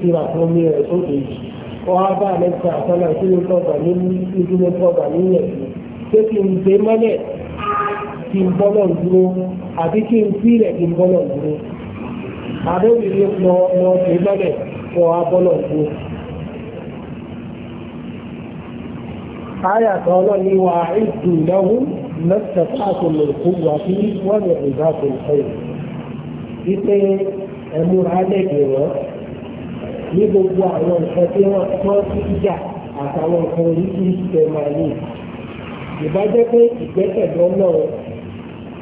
Speaker 1: ti wá wọ́n á bá àlẹ́sà àtàlà tí mo tọ́gbà ní ibi mo tọ́gbà nílẹ̀ pé kí n gbé mọ́lẹ̀ kí n bọ́ náà dúró àbí kí n sílẹ̀ kí n bọ́ náà dúró àbẹ́bìnrin lọ lọ gbé mọ́lẹ̀ wọ́n á bọ́ náà dúró. آية قال لي وأعد لهم ما استطعتم من قوة ومن عباد الخير. إذا أمور عليك ní gbogbo àwọn nǹkan tí wọ́n tọ́ sí ìjà àtàwọn nǹkan oríṣi ìṣẹ́ máa ní. ìbájẹ́ pé ìgbẹ́kẹ̀lé ọlọ́run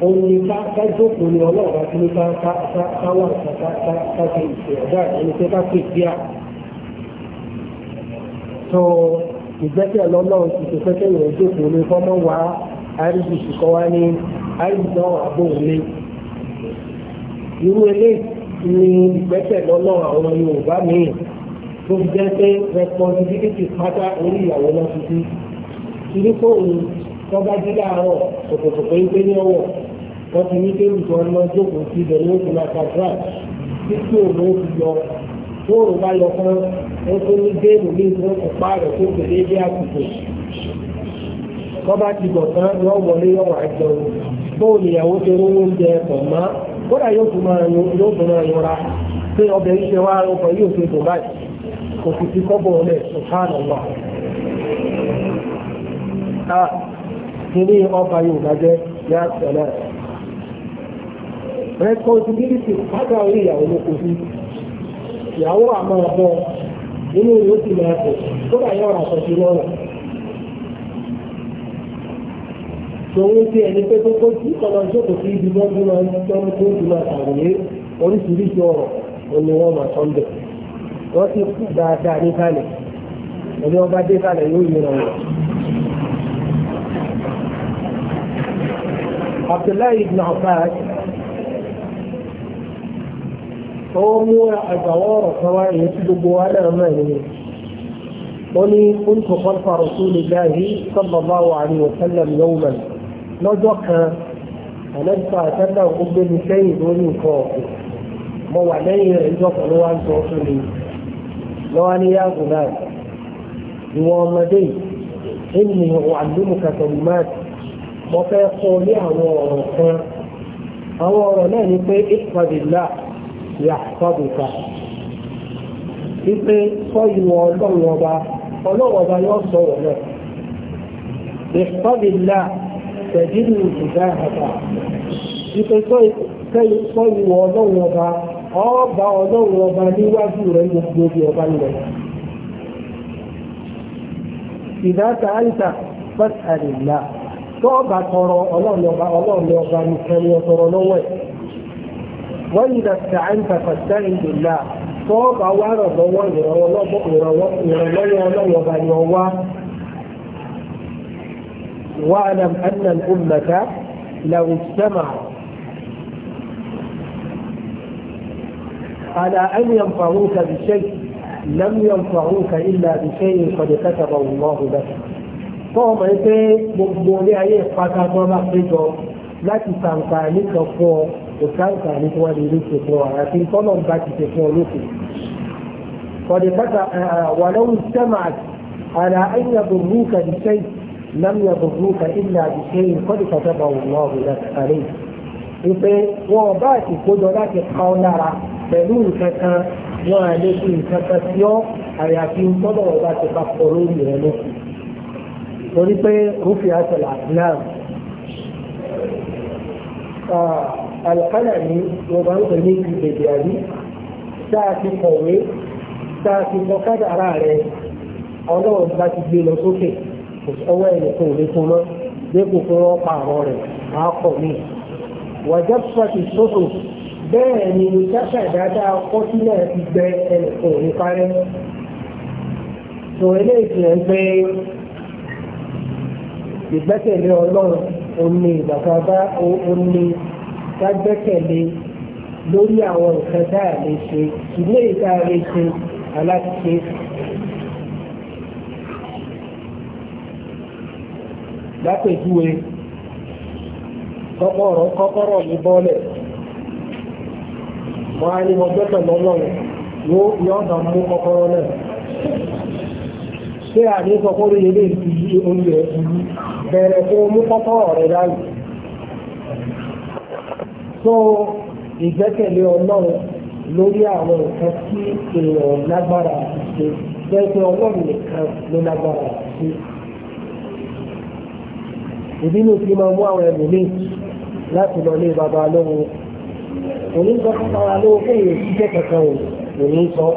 Speaker 1: òun ni ká jókòó ni ọlọ́run àti ní ká wà ká ṣe ìṣẹ̀ ọ̀dà ẹni pé ká pè sí à. tó ìgbẹ́kẹ̀lé ọlọ́run ti ṣe pẹ́kẹ́ ìrìn jókòó ni fọ́mọ́ wá àríjì ṣùkọ́ wá ní àríjì náà àbò òun lé. irú eléyìí ní ìgbẹ́sẹ̀ lọ́nà àwọn Yorùbá míì tó fi jẹ́ pé responsibility pátá orí ìyàwó náà ti dí. Ìdí fóònù tọ́ba jí láàárọ̀ kòkòkòkò ń gbé ní ọwọ́ wọ́n ti ní kéwì tó ń lọ jókòó sí ibẹ̀ ní oṣù làkàtúrà títí òun ó fi yọ fóònù bá yọ fún ó tó ní géèmù ní ìlú ọ̀pá rẹ̀ tó kéde dé àsìkò. Tọ́ba ti bọ̀ tán wọ́n wọlé yọ̀wọ̀ àjọ fóònù ìyàwó ti rún oúnjẹ pọ̀ mọ́ kódà yóò tún máa yóò tún máa yọra pé ọbẹ̀ yìí ṣe wá ọkọ̀ yóò ṣe tó báyìí kò sì ti kọ́bọ̀ ọlẹ̀ ṣùkánà wà. a kìíní ọba Yorùbá jẹ́ ní àtẹ̀lẹ̀ responsibility pátá orí ìyàwó ló kò sí ìyàwó àmọ́ ọ̀bọ inú yóò sì máa tẹ̀ kódà yóò rà sọ̀tì lọ́rùn. tòun ti ẹni pé kókó tí ọmọ ìjókòó sí ibi gbọ́n gbọ́n máa ń tọ́nu tó ń máa tàwé oríṣiríṣi ọ̀rọ̀ òní wọn máa tán wọ́n ti kú dáadáa ní kálẹ̀ ẹni wọ́n bá dé kálẹ̀ yóò yẹra wọn. Abdullahi ibn Abbas ó mú àgbàwọ̀ ọ̀rọ̀ kan wá èyí tí gbogbo wa náà mọ̀ nínú. ó ní kúńtù kọ́ńtà Rasulullahi sallallahu alaihi wa sallam yawman lọ́jọ́ kan àlẹ́sọ̀ àtẹ́tà ó gbé mi sẹ́yìn lórí nǹkan ọ̀gbìn mo wà lẹ́yìn rẹ̀ níjọ́ kan ló wá ń sọ fún mi lọ́wọ́ ní yàgò náà ìwọ ọmọdé yìí ẹni àlùmùkà tẹ̀lùmáàtì mo fẹ́ kọ́ ní àwọn ọ̀rọ̀ kan àwọn ọ̀rọ̀ náà ni pé ìpàdélà yà pàdùkà wípé kọ́ ìwọ ọlọ́run ọba ọlọ́run ọba yóò sọ̀rọ̀ náà ìpàdélà tẹ̀dínú ìgbà àgbà ìpè sọ ọlọ́run ọba ọba ọlọ́run ọba níwájú rẹ̀ gbogbo ibi ọba ń lọ. ìdá sàáìsà fásitì ìlà tọrọ ọlọ́run ọba ọlọ́run ọba ọtọrọ lọ́wọ́ ẹ̀. wọ́n yìí dà sàáìsà fásitì ìlà tó ọba wà rọ̀ lọ́wọ́ ìrànlọ́wọ́ ọlọ́run ọba ni ọwá. واعلم أن الأمة لو اجتمعت على أن ينفعوك بشيء لم ينفعوك إلا بشيء قد كتب الله لك فهم إذا مبدوني أيه فكتب مقصده لا تسانقاني تفو وسانقاني تولي لكي تفو لكن فلن باكي تفو لكي قد كتب آه، ولو اجتمعت على أن يضروك بشيء لم يضروك إلا بشيء قد كتبه الله لك عليه ìpè wọn ọba àti ìkójọ láti pa ọ lára pẹ̀lú nǹkan kan wọn à lè fi nǹkan kan sí ọ àyàfi tọ́lọ̀ ọba ti bá pọ̀ lórí rẹ lókù torí pé rúfì àtọ̀là náà àlùkálà ní yorùbá ń pè ní ìbèbè àrí tá a ti kọ̀wé tá a ti kọ kádàrá rẹ ọlọ́run bá ti gbé lọ sókè. Okay ọwọ́ ẹnìkan ò lè fún mọ́ dépò fún wọn pa àwọn rẹ̀ á pọ̀ mí. wàjẹ́ pàtì sọ́tò bẹ́ẹ̀ ni sáṣà dáadáa kọ́ sílẹ̀ ti gbẹ ẹnìkan ò ní parẹ́. sọ eléyìí fi hàn pé ìgbẹ́kẹ̀lé ọlọ́run òní ìgbàgbọ́ òní gbàgbẹ́kẹ̀lé lórí àwọn nǹkan tá a lè ṣe ìdílé ìta lè ṣe aláṣẹ lápèjúwe kọ́kọ́rọ́ kọ́kọ́rọ́ mi bọ́lẹ̀ wọ́n á ní mo gbẹ́kẹ̀ lọ́lọ́run yóò yọ ọ̀dà mú kọ́kọ́rọ́ náà ṣé àní kọ́kọ́rọ́ yẹn lè fi yí oúnjẹ ìlú bẹ̀rẹ̀ fún mú kọ́kọ́rọ́ rẹ̀ dání. so ìgbẹ́kẹ̀lé ọlọ́run lórí àwọn nǹkan tí èèyàn lágbára àti ṣe jẹ́ pé ọlọ́run nìkan ló lágbára àti ṣe ìbínú ti máa mú àwọn ẹlòmíì láti lọ lé bàbá lóhun òní sọ fún bàbá lóhun pé èyí ṣiṣẹ́ kankan ò òní sọ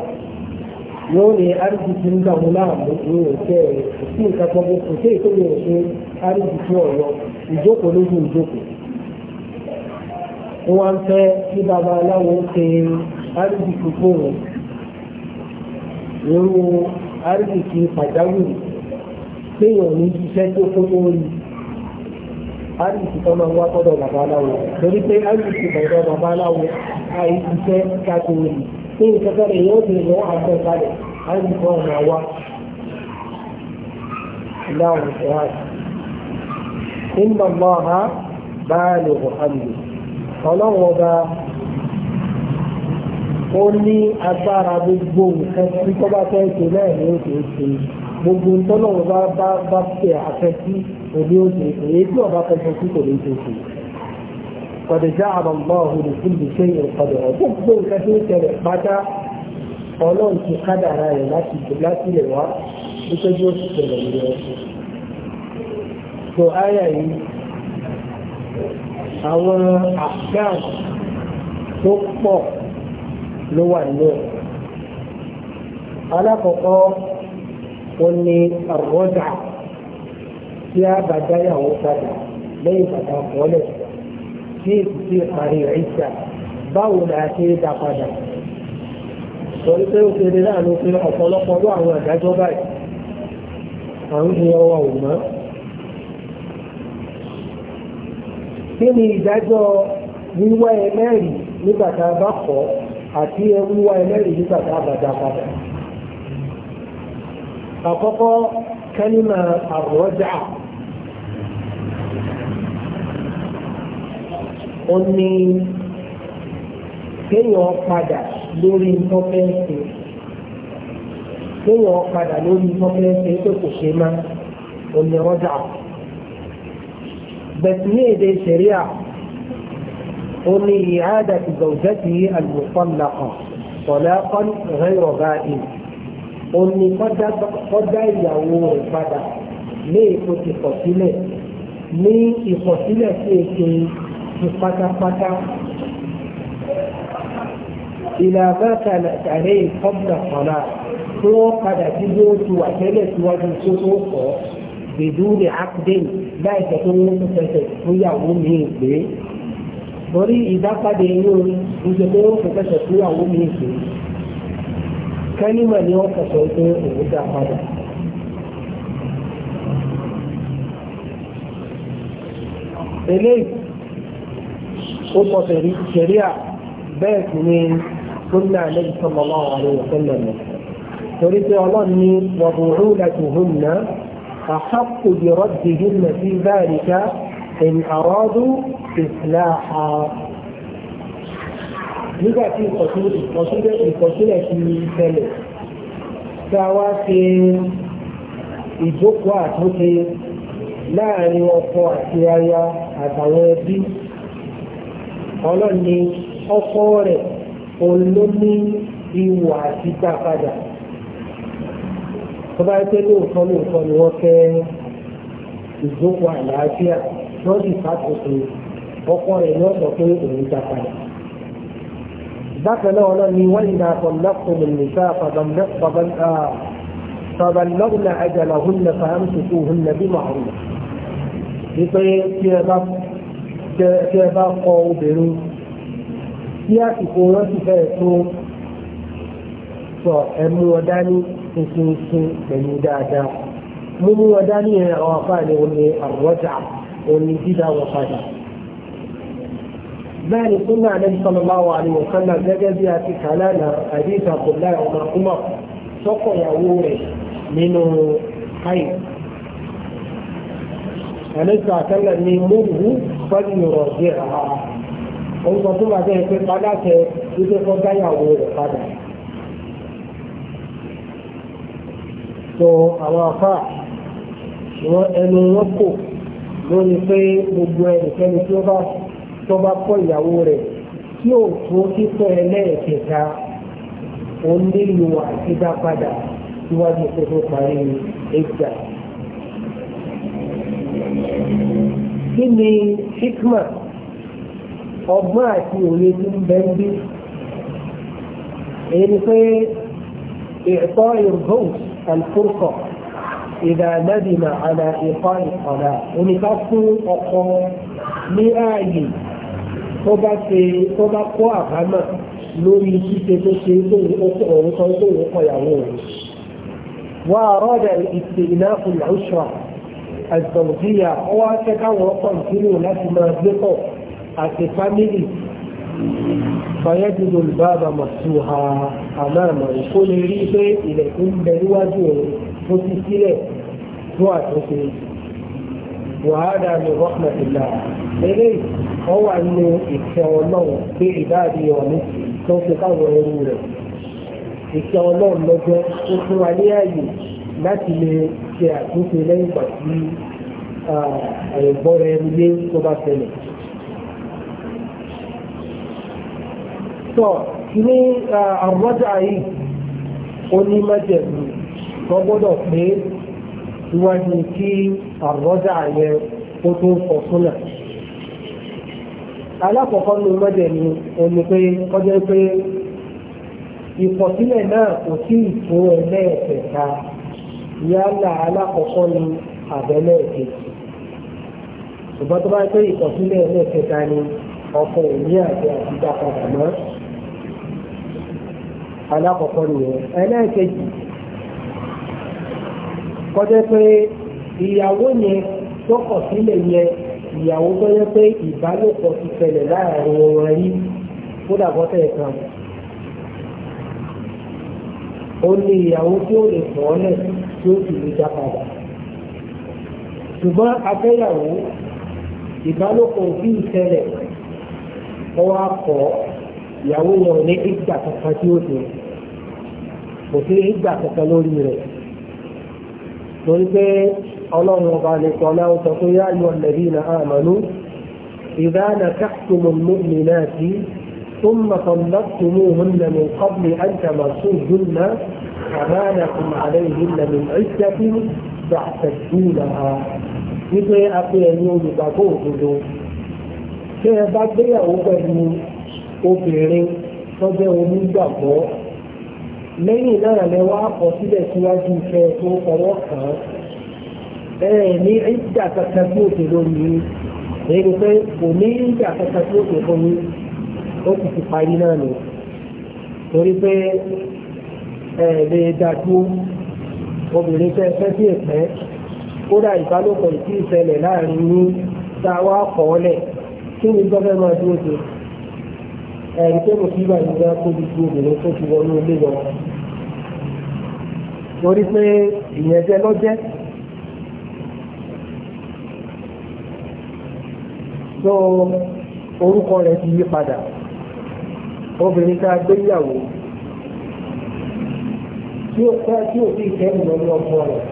Speaker 1: yóò ní àríjìtì ń dàmú láàmú ní òkè rẹ̀ sí nǹkan kan kò sí èso lè ṣe àríjìtì ọ̀rọ̀ ìjókòó lójú ìjókòó wọ́n ń fẹ́ kí bàbá aláwo ṣe àríjìtì fún òun irú àríjìtì pàjáwìrì téèyàn ní ṣiṣẹ́ tó kó tó rí i. àríṣì tó máa ń wá gbọ́dọ̀ bàbá aláwo torí pé àríṣì bọ̀dọ̀ bàbá aláwo àìsíṣẹ́ káàkiri ní ìṣẹ́fẹ́rẹ́ yóò ti lọ àṣẹ kalẹ̀ àríṣì ọ̀nà wa láwọn ìṣẹ́wàá. inna Allaha balighu hamdi ọlọ́run ọba ó ní agbára gbogbo nǹkan tí tọ́ba fẹ́ ṣe náà ní oṣooṣù gbogbo ntọ́nà ọba bá bá ṣe èmi ò ṣe èyí tí ọba kẹsàn sí kò ní ṣe ṣe kọ̀dẹ̀ já àbá mọ́ ọ̀hún ní fún ìṣe ìkọ̀dẹ̀ ọ̀gbọ́n gbogbo nǹkan tí ó ṣẹlẹ̀ pátá ọlọ́run ti kádàrá rẹ̀ láti láti lè wá wípé bí ó ti ṣẹlẹ̀ ní ọ̀ṣun. tó áyà yìí àwọn afghan tó pọ̀ ló wà nínú alákọ̀ọ́kọ́ wọn ni àrọ́dà tí a bá dáyàwó padà lẹ́yìn bàtà kọ́lẹ̀ tí èsì tí parí ìṣà báwo la ṣe dá padà. Sọ̀rí pé ó ṣe lé láàánú pé ọ̀pọ̀lọpọ̀ ló àwọn àdájọ́ báyìí. À ń fi ọwọ́ ò mọ́. Kí ni ìdájọ́ wíwá ẹlẹ́rìí nígbà tá a bá kọ̀ àti wíwá ẹlẹ́rìí nígbà tá a bá dá padà? Àkọ́kọ́ kẹ́límà àrọ́jà ó ní kéèyàn padà lórí tọ́fẹ́ǹsì kéèyàn padà lórí tọ́fẹ́ǹsì pé kò ṣe má ó ní rọ́jà bẹ̀sí ní èdè ṣẹ̀ríà ó ní ìhádà ti zọ̀jẹ́ ti àlùfọ́n lakọ̀ tọ̀lẹ́kọ́n rẹ̀ rọ̀ báyìí òní kọ́dá ìyàwó rẹ̀ padà ní èkó ti kọ̀ sílẹ̀ ní ìkọ̀sílẹ̀ sí èké ti pátápátá ìlànà kàlẹ́ ìkọ́bùnà kọ̀ọ̀lá tí wọ́n padà sí bí ó ti wà tẹ́lẹ̀ síwájú tó tó kọ̀ bèdúrì ákúdẹ́yìn láì jẹ́ pé wọ́n ti fẹsẹ̀ fúyàwó mi gbé torí ìdápadà eyín orí ìjọba fẹsẹ̀ fúyàwó mi gbé. كلمة لوقت صوته الهدى هذا إليه خطة شريعة بات من كنا عليه صلى الله عليه وسلم فريد الله وبعولتهن أحق بردهن في ذلك إن أرادوا إصلاحا nígbà tí ìkọ̀sílẹ̀ ìkọ̀sílẹ̀ ti ṣẹlẹ̀ tá a wá ṣe ìjókòó àtúnṣe láàrin ọkọ àti aya àtàwọn ẹbí ọlọ́ni ọkọ rẹ̀ òun ló ní ìwà àti gbà padà tó bá pé lóòótọ́ lóòótọ́ ni wọ́n fẹ́ ìjókòó àlàáfíà lọ́sì fàtòkè ọkọ rẹ̀ ní ọ̀sọ̀ pé òun gbà padà bákan náà náà ni wọ́n ìdá àtọ̀lọ́kùn nìṣà fàbàlọ́gùn àjàlá húnnà fàámsùkú húnnà bí màrún wípé tí ẹ bá kọ obìnrin tí àsìkò wọn ti fẹ́ tó sọ ẹ̀mú wọn dání tuntun pẹ̀lú dáadáa mímú wọn dání ẹ̀ àwọn afáàní àrọ́jà òní dídá wọn padà bẹ́ẹ̀ ni súnmọ́ àdébí sallallahu alaihi wasallam gẹ́gẹ́ bí a ti kà lánàá àdéhùn àkùnlá ọmọ ọmọ sọ́kọ̀ ìyàwó rẹ̀ nínú káyì. àdébí àtẹ́lẹ̀ ni múrùú pẹ̀lú ìrọ̀ bí ẹ̀ha. òun sọ fún bàbá ẹ̀ pé padà tẹ wípé kọ́ dáyàwó rẹ̀ padà. so àwọn afá ẹnu wọn kò lórí pé gbogbo ẹnikẹ́ni tí ó bá tó bá kọ́ ìyàwó rẹ̀ tí ò tó kíkọ́ ẹlẹ́ẹ̀kẹta òun nílò àtidá padà síwájú tó tó parí ẹgbà. kí ni hikma ọgbọ́n àti òye tó ń bẹ́ ń bí? èyí ni pé ìtọ́ ìrùbọ́ùs àlùkùrùkọ̀ ìdá nàdìmà àdà ìfọ́ ìkọ̀dà oníkà ọkọ ní ààyè tó bá ṣe tó bá kọ́ àbámọ̀ lórí ṣíṣe tó ṣe lóhun ọkọ̀ òun kan lóhun ọkọ̀ ìyàwó òun. wà á rọ́ọ̀dà ìṣèlú ìlànà àìsànjíyà ọwọ́ akẹ́kọ̀ọ́ kọ̀ǹtínú láti máa gbé pọ̀ àti fámìlì fàyẹ́dùdù bàbá màtúhà àmàmà kó lè rí pé ilẹ̀kùn bẹ níwájú òun tó ti sílẹ̀ fún àtúnṣe wàhálà ní rọ́pàtìlá eléyìí ọwọ́ àánú ìkẹ́ ọlọ́run pé ìbáàdì ọ̀nì tó ń fi káwọn ẹrú rẹ̀ ìkẹ́ ọlọ́run lọ́jọ́ ó fún wa ní ààyè láti lè ṣe àtúnṣe lẹ́yìn ìgbà tí àìgbọ́ra ẹrú lé tó bá ṣẹlẹ̀. sọ ní àrọ́jà yìí ó ní májẹ̀mú wọ́n gbọ́dọ̀ pé síwájú kí àrọ́jà yẹn ó tó sọ súnà alákọ̀ọ́kọ́ ní mọ́jẹ̀mí ẹni pé ọjọ́ pé ìkọ̀sílẹ̀ náà kò sí ìtò ẹlẹ́ẹ̀kẹta yálà alákọ̀ọ́kọ́ ní àbẹ́lẹ́ẹ̀kejì ṣùgbọ́n tó bá pé ìkọ̀sílẹ̀ ẹlẹ́ẹ̀kẹta ni ọkọ̀ òní àti àtijọ́ padà mọ́ alákọ̀ọ́kọ́ nìyẹn ẹlẹ́ẹ̀kejì kọjá pé ìyàwó yẹn tó kọ̀ sílẹ̀ yẹn ìyàwó tó yẹ pé ìbálòpọ̀ ti ṣẹlẹ̀ láàrin wọn rí kódà bọ́tẹ̀ kan ó ní ìyàwó tí ó lè pọ̀ ọ́lẹ̀ tí ó sì lè já padà ṣùgbọ́n afẹ́yàwó ìbálòpọ̀ òfin ìṣẹ̀lẹ̀ ọwọ́ akọ̀ ìyàwó wọn ní ìgbà kankan tí ó dùn kò sí ìgbà kankan lórí rẹ̀ torí pé ọlọ́run ọba nìkan láwọn sọ pé yá yọ lẹ́bí na àmàlú ìdá na káàkùmù mi náà sí ثم طلقتموهن من قبل أن تمسوهن فما لكم عليهن من عدة تعتدونها wípé apẹ ẹni olùgbàgbọ́ òdodo tí ẹ bá gbéyàwó pẹ̀lú obìnrin tó jẹ́ onígbàgbọ́ lẹ́yìn náà lẹ wá kọ sílẹ̀ síwájú ìfẹ́ tó fọwọ́ kàn án ẹ ní ìjà kankan tí ó ti lórí yín èyí ni pé kò ní ìjà kankan tí ó ti fún yín ó ti ti parí náà nù torí pé ẹ lè dá dúró obìnrin fẹ́ fẹ́ sí ẹ̀fẹ́ kódà ìbálòpọ̀ ìtí ìṣẹ̀lẹ̀ láàrin yín tá a wá kọ́ ọ lẹ̀ kí ni gbọ́dọ̀ máa dúró ṣe ẹ̀rí pé mo fi bá ìgbà tó di ju obìnrin tó ti wọnú ilé lọ torí pé ìyẹn jẹ lọ́jẹ́. so orúkọ rẹ̀ ti yí padà obìnrin tá gbé yàwó tí ó fẹ́ tí ò sí ìkẹ́rù lọ ọkọ rẹ̀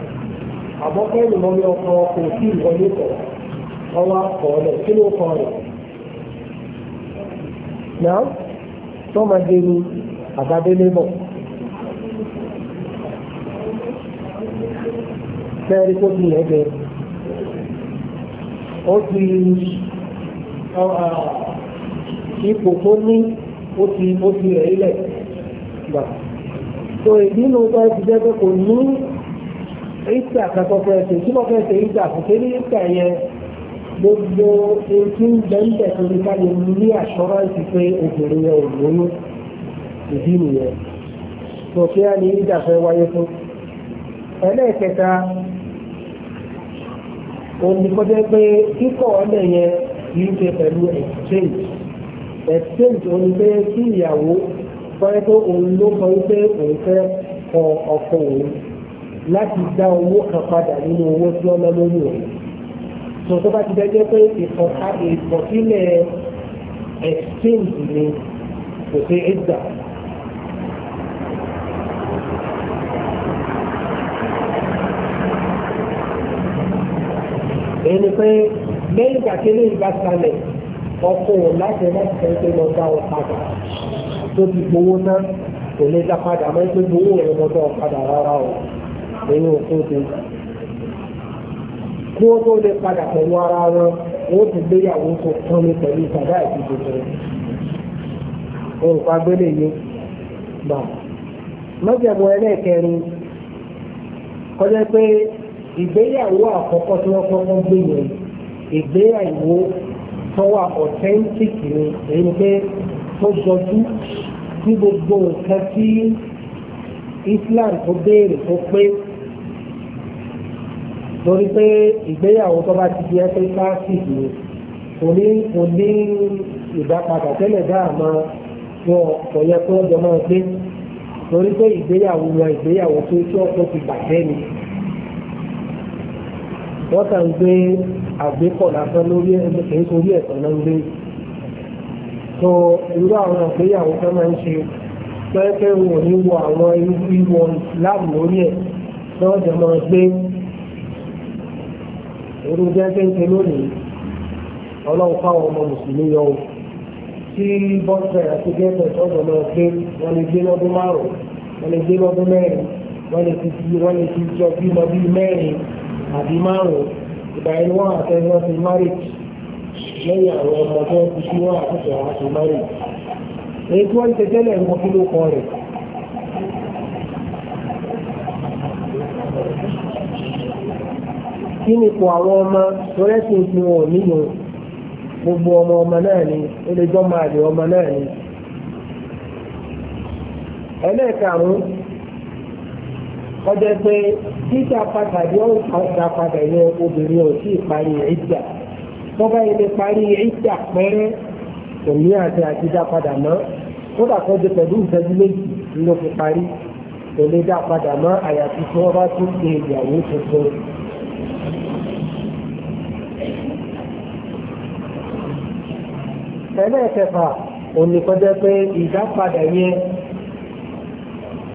Speaker 1: àmọ́ kẹ́rù lọ ọkọ kò sí ìwọlé kọ̀ ọwọ́ akọ̀ rẹ̀ kí ló kọ rẹ̀ ipò tó ní ó ti ó ti rẹ̀ ilẹ̀ gbà so èdè inú tó ti jẹ́ pé kò ní ìsì àkàtọ̀ fẹ́ ṣe tí wọ́n fẹ́ ṣe ìsì àkùnké ní ìsì àyẹn gbogbo etí ń bẹ ń bẹ tó ní káyọ̀ ní àṣọ́ráǹsì pé obìnrin yẹn ò lóyún ìdí nìyẹn so kí á ní ìdà fẹ́ wáyé fún ẹlẹ́ẹ̀kẹta òun pé kíkọ̀ ọ́lẹ̀ yẹn kìí ṣe pẹ̀lú exchange exchange òun pé kí ìyàwó fẹ́ tó òun ló sọ wípé òun fẹ́ kọ ọkọ òun láti dá owó kan padà nínú owó tí wọ́n lọ lórí òun tó tó bá ti dẹ́jẹ́ pé ìkọ̀sílẹ̀ exchange ni kò sí ẹ̀dà. ẹni pé lẹ́yìn ìgbà tí eléyìí bá kalẹ̀ ọkọ ò láti má ti fẹ́ lọ dá ọ padà tó ti gbowó ná kò lè dá padà mọ́ pé gbowó rẹ̀ mọ́ dá ọ padà rárá o èyí ò tó dé. kí wọ́n tó lè padà pẹ̀lú ara wọn wọ́n ti gbéyàwó tó kán ní pẹ̀lú ìsàdá àti ìdòdò nǹkan agbélé yé gbà. mọ́jẹ̀mú ẹlẹ́ẹ̀kẹrin kọjá pé ìgbéyàwó àkọ́kọ́ tí wọ́n kọ́kọ́ gbé yẹn ìgbéyàwó tó wà authentic ni èyí pé tó jọjú sí gbogbo nǹkan tí Islam tó béèrè tó pé lórí pé ìgbéyàwó tó bá ti di ẹgbẹ́ classic ni kò ní kò ní ìdápadà tẹ́lẹ̀ dáàmà wọn kò yẹ kó ọjọ́ máa gbé lórí pé ìgbéyàwó wọn ìgbéyàwó tó tí ọkọ̀ ti bàjẹ́ ni wọ́n kàn gbé àgbékọ̀ lásán lórí ẹni kìí torí ẹ̀sán náà lé so irú àwọn àgbéyàwó tó máa ń ṣe pẹ́ẹ́pẹ́ wọn ní wọ àwọn ìwọ láàmù lórí ẹ̀ tó ọ̀dẹ̀ máa gbé irú jẹ́jẹ́ ń ṣe lónìí ọlọ́run fáwọn ọmọ mùsùlùmí yọ tí bọ́sẹ̀ àti gẹ́gẹ́ tó ọ̀dẹ̀ máa gbé wọn lè gbé lọ́dún márùn-ún wọ́n lè gbé lọ́dún mẹ́rin wọ́n lè ti jọ bímọ bíi mẹ́rin àbí márùn-ún ìgbà ẹni wọn àtẹni wọn ti márì lẹ́yìn àwọn ọmọ tó ti fi wọn àtẹsẹ wọn ti márì èyí tí wọn ti tẹ́lẹ̀ ń kọ kí ló kọ rẹ. kí ni ipò àwọn ọmọ tó rẹ́sìn tí wọn ò nílò gbogbo ọmọ ọmọ náà ni ó lè jọ́ máa lè ọmọ náà ni. ẹlẹ́ẹ̀karùn-ún ọjọ́ pé títà padà yóò padà padà yẹ obìnrin ò sí ìparí ìdà tó bá yẹ parí ìdà pẹ́rẹ́ òní àti àtidá padà mọ́ kódà kan jẹ pẹ̀lú ìṣẹ́jú méjì ló fi parí kò dá padà mọ́ àyàfi tí wọ́n bá tún ṣe ìyàwó tuntun. ẹlẹ́ẹ̀kẹfà òní kan pé ìdápadà yẹn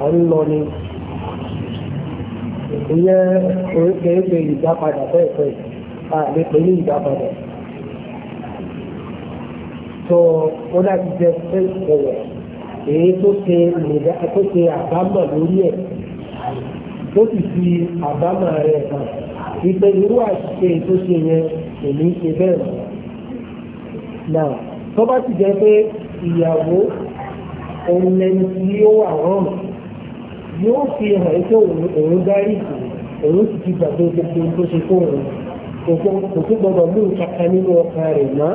Speaker 1: à ń lọ ni ìdápadà bẹ́ẹ̀ bẹ́ẹ̀ a lè ìdápadà tó ó láti jẹ fẹ́ẹ̀ sọ̀rọ̀ èyí tó ṣe nìdá tó ṣe àbámọ̀ lórí ẹ̀ tó sì fi àbámọ̀ rẹ̀ hàn ìpè irú àṣìṣe tó ṣe yẹn èmi ṣe bẹ́ẹ̀ mọ́ náà tó bá ti jẹ pé ìyàwó òun lẹni tí ó wà rọrùn yóò fi hàn pé òun dárí kù òun sì ti gbàgbé gbogbo tó ṣe fún òun kò tó gbọdọ̀ mú kankan nínú ọkàn rẹ̀ mọ́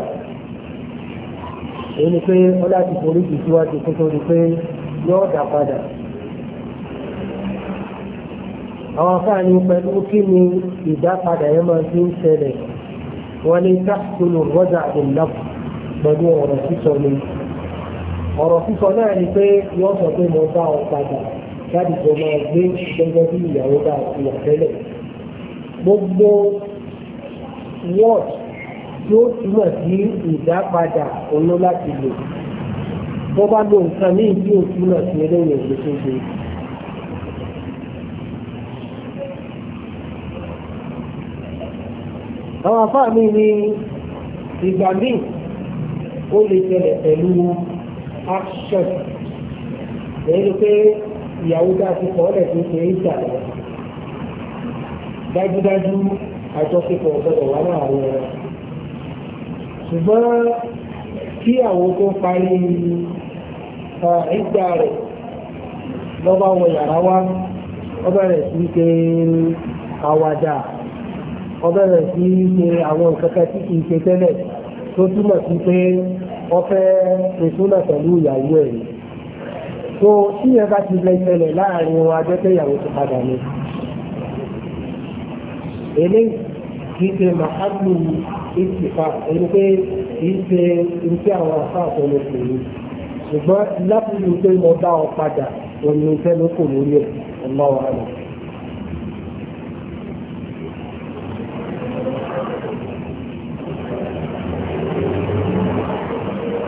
Speaker 1: èyí ni pé ọlá ti forí jù síwájú kó tó di pé yóò dà padà. àwọn afáàní pẹ̀lú kí ni ìdápadà yẹn máa fi ń ṣẹlẹ̀ wọ́n ní táṣìlò rọ́jà ìlàpù pẹ̀lú ọ̀rọ̀ sísọ ni ọ̀rọ̀ sísọ náà ni pé yóò sọ pé mo bá ọ padà láti jọ máa gbé gẹ́gẹ́ bí ìyàwó bá ti wà tẹ́lẹ̀. Gbogbo wọ́ọ̀d tí ó túmọ̀ sí ìdápadà oló láti lò. Tó bá lo nǹkan ní ìdí òtúmọ̀ sí eléyìí òwe tó ṣe. Àwọn afá mi ní ìgbà míì ó lè tẹ̀lẹ̀ pẹ̀lú action. Èyí ni pé ìyàwó tá a ti kọ́ ọ́lẹ̀ tó ṣe é ṣàlẹ̀ dájúdájú àjọṣepọ̀ ọ̀gbọ́dọ̀ wà láàárín wọn ṣùgbọ́n kí àwọn tó parí ìgbà rẹ̀ lọ́ba wọ yàrá wá ọbẹ̀rẹ̀ sí ṣe àwàdà ọbẹ̀rẹ̀ sí ṣe àwọn nǹkan tí kì í ṣe tẹ́lẹ̀ tó túmọ̀ sí pé wọ́n fẹ́ ìṣúná pẹ̀lú ìyàwó ẹ̀ tó tí ẹ bá ti lẹ ìṣẹ̀lẹ̀ láàrin wọn ajẹ́pẹ́ ìyàwó ti padà ní. èlé kì í ṣe màálù ìtìfà ẹni pé kì í ṣe iṣẹ́ àwọn àfa àtọ̀lẹ́sẹ̀ yìí ṣùgbọ́n lápùlù pé mo bá ọ padà òní iṣẹ́ ló kò lórí ẹ̀ ọmọ wa rẹ̀.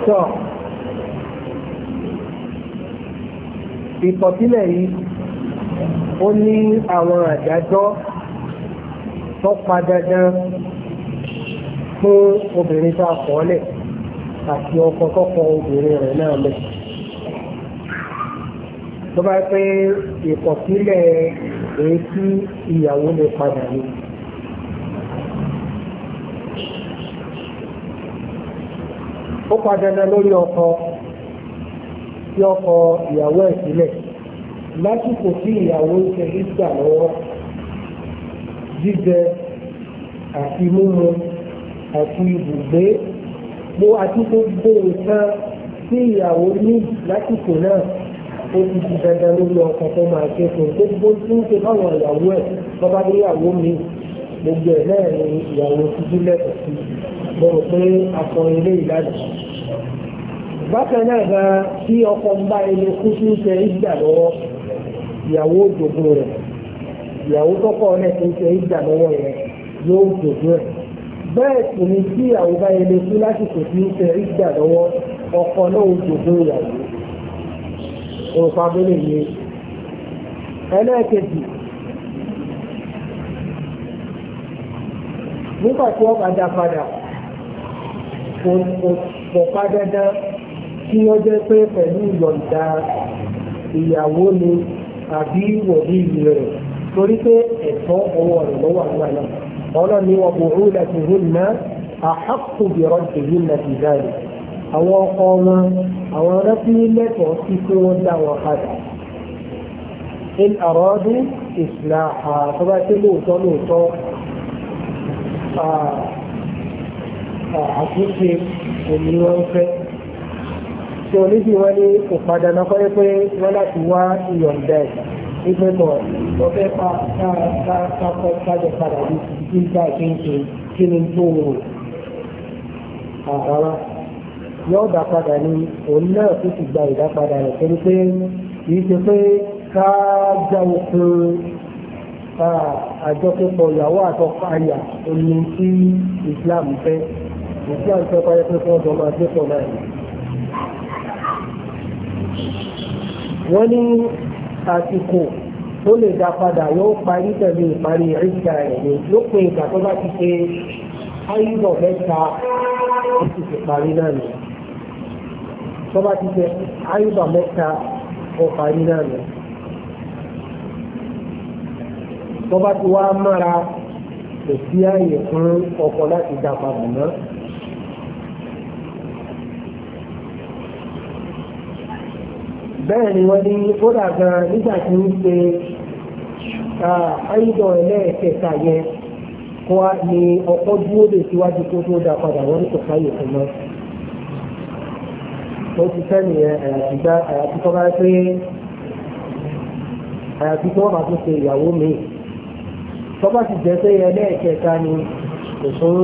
Speaker 1: So. ìkọsílẹ̀ yìí ó ní àwọn àdájọ́ tó pa dandan fún obìnrin tá a kọ́ lẹ̀ àti ọkọ tó kọ obìnrin rẹ̀ náà lẹ̀ tó bá pé ìkọsílẹ̀ èyí tí ìyàwó lè padà ní. ó padà lórí ọkọ tí ọkọ ìyàwó ẹ̀ sílẹ̀ lásìkò tí ìyàwó ń ṣe gbígbà lọ́wọ́ jíjẹ àti mímu àti ibùgbé mo àti gbogbo nǹkan tí ìyàwó ní lásìkò náà ó ti di dandan lórí ọkọ tó máa ṣe fún un gbogbo tí ń ṣe báwọn ìyàwó ẹ̀ bọ́bá ní ìyàwó mi gbogbo ẹ̀ náà ni ìyàwó ti dúlẹ̀ sí mo rò pé akọrin lé ìlànà bákan náà gan tí ọkọ ń bá ilé kú sí ṣe ìgbà lọ́wọ́ ìyàwó òjòkó rẹ̀ ìyàwó tọ́kọ náà ti ṣe ìgbà lọ́wọ́ rẹ̀ yóò jòkó rẹ̀ bẹ́ẹ̀ sì ni tí ìyàwó bá ilé kú lásìkò tí ń ṣe ìgbà lọ́wọ́ ọkọ náà ó ìyàwó òrùka abẹ́lé yìí ẹlẹ́ẹ̀kejì nígbà tí wọ́n padà padà kò padà dán kí wọ́n jẹ́ pé pẹ̀lú ìyọ̀ǹda ìyàwó ni àbí wòlí rẹ̀ torí pé ẹ̀tọ́ ọwọ́ rẹ̀ lọ́wọ́ àwọn àná ọlọ́run ni wọ́n bòrú lẹ́sìn hùn náà àhàkù bìrọ̀ tèyí lẹ́sìn dáàrí àwọn ọkọ wọn àwọn rẹ́pí lẹ́tọ̀ọ́ sí pé wọ́n dá wọn padà in àrọ́dún ìsìláhà tó bá lóòótọ́ lóòótọ́ àtúnṣe òmìnira ń fẹ́ tí oníbi wọn ní ìpadànà kọ́ pé wọ́n láti wá ìyọ̀ǹda ẹ̀ wípé tọ̀ ọ fẹ́ pa kákọ́ kájọ padà bí kí n ká kí n ṣe kí ni tó wò àrárá yóò dá padà ní òun náà tó ti gba ìdápadà rẹ̀ pẹ̀lú pé kì í ṣe pé ká já okun àjọṣepọ̀ ìyàwó àtọkọ àyà omi tí Islam fẹ́ Islam fẹ́ pàyẹ́pẹ́ fún ọdún ọmọ àjọṣepọ̀ náà wọ́n ní àsìkò tó lè dá padà yóò parí pẹ̀lú ìparí ìrìnkà rẹ̀ ni lópin ìgbà tó bá ti ṣe áyùbọ̀ mẹ́ta ó sì ti parí náà ni tó bá ti ṣe áyùbọ̀ mẹ́ta ó parí náà ni tó bá ti wá mára kò sí ààyè fún ọkọ láti dá padà náà. bẹ́ẹ̀ ni wọ́n ní ó dàgbà nígbà tí ń ṣe àìdọ̀ ẹlẹ́ẹ̀kẹta yẹn kó a ní ọkọ̀ dúró lè síwájú kó tó dá padà wọ́n ní kò sáyè fún mọ́. ó ti sẹ́ni àyàfi gbá àyàfi tó bá pé àyàfi tó bá tó ṣe ìyàwó mi tó bá ti jẹ́ pé ẹlẹ́ẹ̀kẹta ni kò fún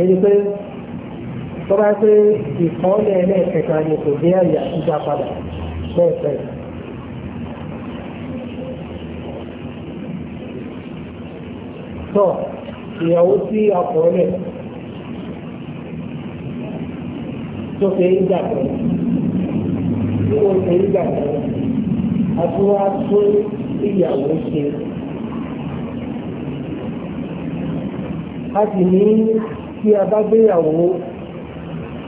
Speaker 1: èyí pé tó bá pé ìkọ́lẹ̀ ẹlẹ́ẹ̀kẹta ni kò dé àyè àtijọ́ padà bẹ́ẹ̀ tọ́ ìyàwó tí a kọ̀ ọ́ lẹ̀ tó ṣe é gbà pẹ́ tí ó ṣe é gbà pẹ́ àtúwá tó ìyàwó ṣe. a sì ní kí a bá gbéyàwó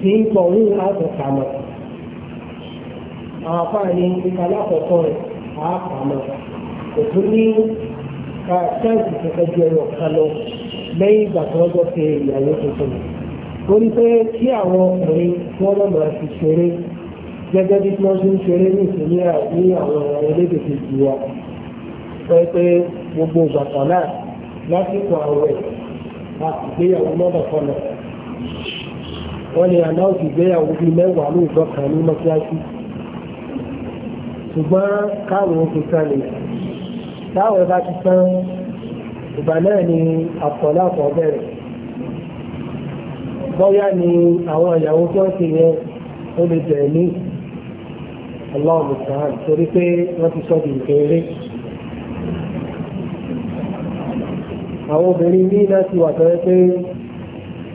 Speaker 1: tí ń tọ̀ ń àtọ̀ kàmọ̀ àwọn afáàní alákọ̀ọ́kọ́ rẹ̀ àápàmọ̀ òtún ní káàkiri kẹkẹ ju ẹyọ kan lọ lẹ́yìn ìgbà tí wọ́n jọ ṣe ìyàwó tuntun torí pé kí àwọn ọkùnrin wọn lọ máa fi ṣeré gẹ́gẹ́ bí wọ́n ṣe ń ṣeré ní ìpínlẹ̀ ní àwọn orílẹ̀-èdè kejì wa pé pé gbogbo ìgbàkan náà lásìkò àwẹ̀ àti ìgbéyàwó lọ́dọ̀ kan náà wọ́n lè anáwọ̀sì ìgbéyàwó bíi mẹ́wàá lóòjọ́ kan ní mọ́síájú ṣùgbọ́n káwọn oṣù kan lè táwọn bá ti tán ìgbà náà ni àpọ̀lápọ̀ bẹ̀rẹ̀ bọ́yá ni àwọn ìyàwó tó ń ṣe yẹn ó lè bẹ̀rẹ̀ ní ọlọ́run sàn torí pé wọ́n ti sọ di ìkéré. àwọn obìnrin ní láti wà tọ́jú pé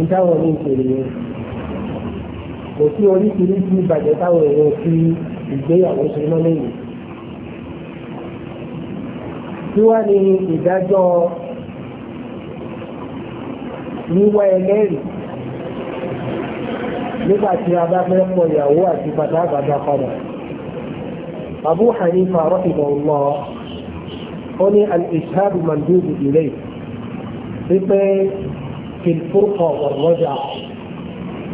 Speaker 1: ń táwọn ní ìṣèlú yẹn kò sí oríṣiríṣi ìbàjẹ́ táwọn èèyàn fi ìgbéyàwó ṣe mọ́ lẹ́yìn. tí wá ní ìdájọ́ wíwá ẹlẹ́rìí nígbà tí a bá fẹ́ pọ̀ ìyàwó àti bàtà bàtà padà. Abu Hanifa rahimahullah ó ní al mandu mandub ilayh pípẹ́ في الفرقة والرجعة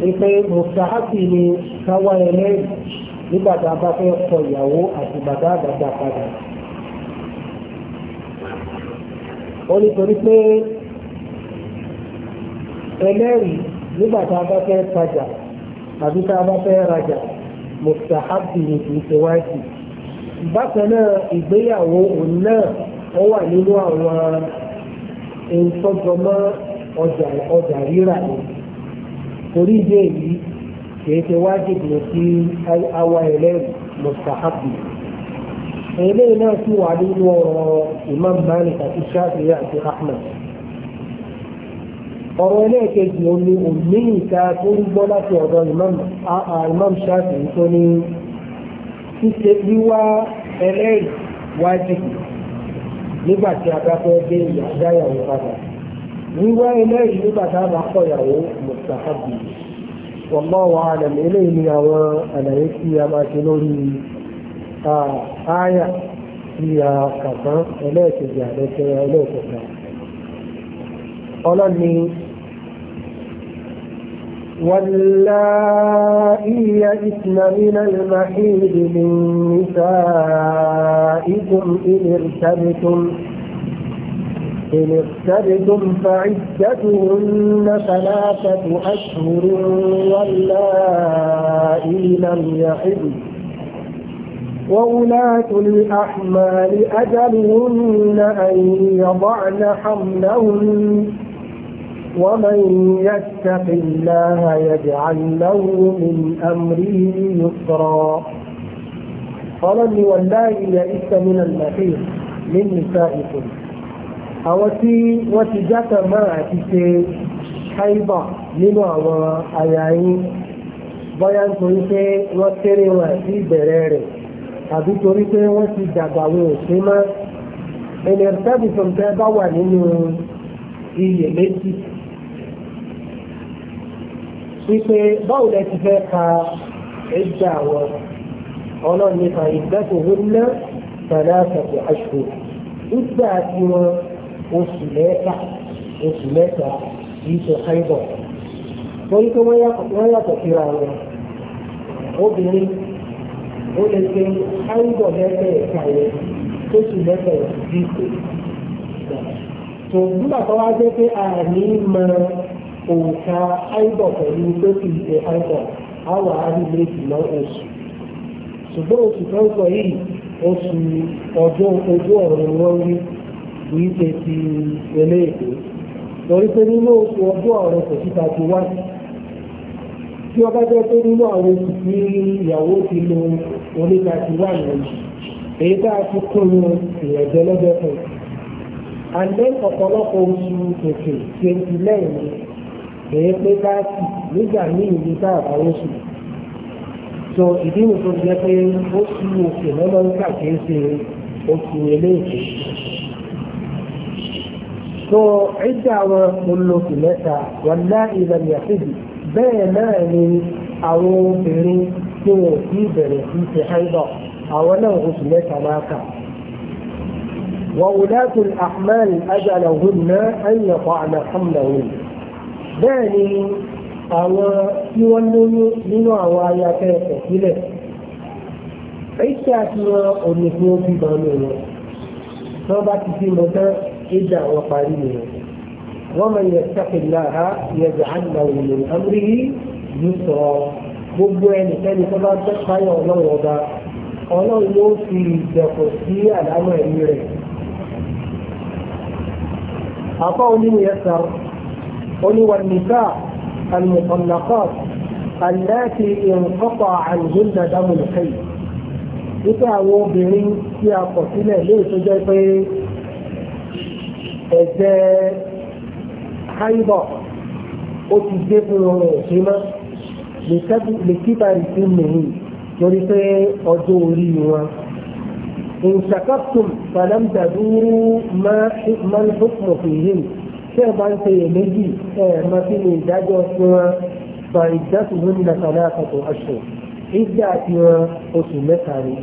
Speaker 1: إذا mustahaki ni káwá ẹlẹ́yìn nígbà tá a bá fẹ́ kọ ìyàwó àti bàbá àgbàgbà padà. ó ní torí pé ẹlẹ́rìí nígbà tá a bá fẹ́ tajà àbí tá a bá fẹ́ rajà mustahaki ni kì í ṣe wáìtì. bákan náà ìgbéyàwó òun náà ó wà nínú àwọn ìtọ́jọmọ́ ọjà ọjà rírà ni torí ìdí èyí kìí ṣe wájìbì ní sí awa ẹlẹ́rìí mustahabi eléyìí náà sì wà nínú ọ̀rọ̀ imam malik àti shafi'i àti ahmed ọ̀rọ̀ ẹlẹ́ẹ̀kejì ó ní òmìnir ìta tó ń gbọ́ láti ọ̀dọ̀ imam shafi'i tó ní ṣíṣe wíwá ẹlẹ́rìí wájìbì nígbà tí a bá fẹ́ dé ìyá dáyàwó padà. wíwá eléyìí nígbà tá a bá kọyàwó mustahabi wallahu alam eléyìí ni àwọn àlàyé tí a máa ṣe lórí ààyà tí a kà tán àdẹ́kẹ́ ẹlẹ́ẹ̀kẹta ọlọ́ni واللائي يئسن من المحيض إن ارتبتم فعدتهن ثلاثة أشهر واللائي لم يحب وولاة الأحمال أجلهن أن يضعن حملهن ومن يتق الله يجعل له من أمره يسرا قال لي والله يئس من المحيط من نسائكم àwọn tí wọ́n ti jákàn mọ́ra àti ṣe káíbà nínú àwọn àyà yín bóyá nítorí pé wọ́n kéré wọn àti ìbẹ̀rẹ̀ rẹ̀ àbí torí pé wọ́n ti dàgbà wọn ò ṣe mọ́ ènìyàn tẹ́bù tòǹtẹ́ bá wà nínú iyèméjì wípé báwo lẹ ti fẹ́ ka ẹja àwọn ọlọ́run nípa ìgbẹ́kùn wọn náà tẹ̀lé àṣàkù ìgbà tí wọn oṣù mẹ́ta oṣù mẹ́ta kì í wọ́n ní wọ́n yàtọ̀ síra wọn obìnrin ó lè ṣe haibọ̀ mẹ́tẹ̀ẹ̀ta yẹn oṣù mẹ́tẹ̀ẹ̀ta kì tó nígbà tó wá jẹ́ pé àní mọ òǹkà haibọ̀ pẹ̀lú tó kì í ṣe haibọ̀ àwọn àrílẹ̀ ìgbìmọ̀ oṣù ṣùgbọ́n oṣù tó ń sọ yìí oṣù ọjọ́ ojú ọ̀run wọn rí kì í ṣe ti eléèdè lórí pé nínú oṣù ọjọ́ ọ̀rẹ́ kò síta ti wá tí ọba jẹ́ pé nínú àwọn oṣù tí ìyàwó ti lo oníta ti wá yẹn èyí tá a ti kún un ìrẹ̀jẹ̀ lọ́jọ́ kan àlẹ́ ọ̀pọ̀lọpọ̀ oṣù tòkè twenty nine èyí pé káàkiri nígbà míì ní tá a bá oṣù so ìdí nìkan jẹ́ pé oṣù òkè lọ́lọ́ńkà kìí ṣe oṣù eléèdè so ẹ̀dá àwọn olóṣù mẹ́ta wọn lá ìlànà ìyàkejì bẹ́ẹ̀ náà ni àwọn obìnrin tí wọn ò tí bẹ̀rẹ̀ sí ti haidọ̀ àwọn náà oṣù mẹ́ta máa kà. وولاة الأحمال أجلهن أن يطعن حملهن bẹ́ẹ̀ ni àwọn tí wọ́n lóyún إذا وقارنه ومن يتق الله يجعل له من أمره يسرا gbogbo ẹnikẹ́ni tó bá tẹ́ sáyọ̀ ọlọ́run ọba ọlọ́run ló fi ìjẹ̀kọ̀ sí àdámọ̀ ẹ̀mí rẹ̀. apá onímọ̀ yẹn sọ oníwà nìkà àlùmọ̀kànlákọ̀ àláàtì ìrùnkọ́pọ̀ àlùmọ̀nà dámùnìkẹ́yì. àwọn obìnrin tí a kọ̀ sílẹ̀ lóòótọ́ jẹ́ pé ẹ̀jẹ̀ káyìbọ̀ ó ti gbé fún ọrùn òṣèlú mọ́ lè kíta ìsìn mìíràn torí pé ọjọ́ orí wọn. إن شكرتم فلم تدوروا ما ما الحكم فيهم كما سيمجي ما في من دجوة فعدتهن ثلاثة أشهر عدتها أسمتني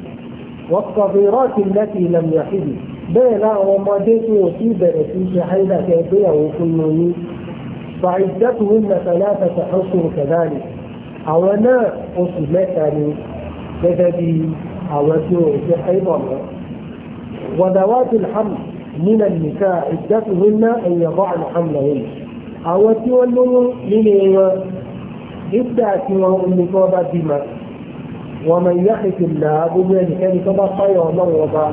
Speaker 1: والصغيرات التي لم يحد bẹ́ẹ̀ láwọn ọmọdé tí wọ́n ti bẹ̀rẹ̀ sí ṣe àìdá kẹ́ ìgbéyàwó fún mi ní fàìdẹ́kùnrin mẹ́tàlá àtàtà ọ̀sùn kẹ̀dáàlì àwọn náà oṣù mẹ́ta ni gẹ́gẹ́ bí àwọn tí wọ́n ṣe àìdá mọ́ wàdàwátì alhamd nínú nìka ìdẹ́kùnrin náà ẹ̀yẹ̀ bọ́ alhamd lẹ́yìn àwọn tí wọ́n lóyún nínú wọn ìgbà tí wọ́n ní kí bá bímọ wọ́n mọ̀ ìyá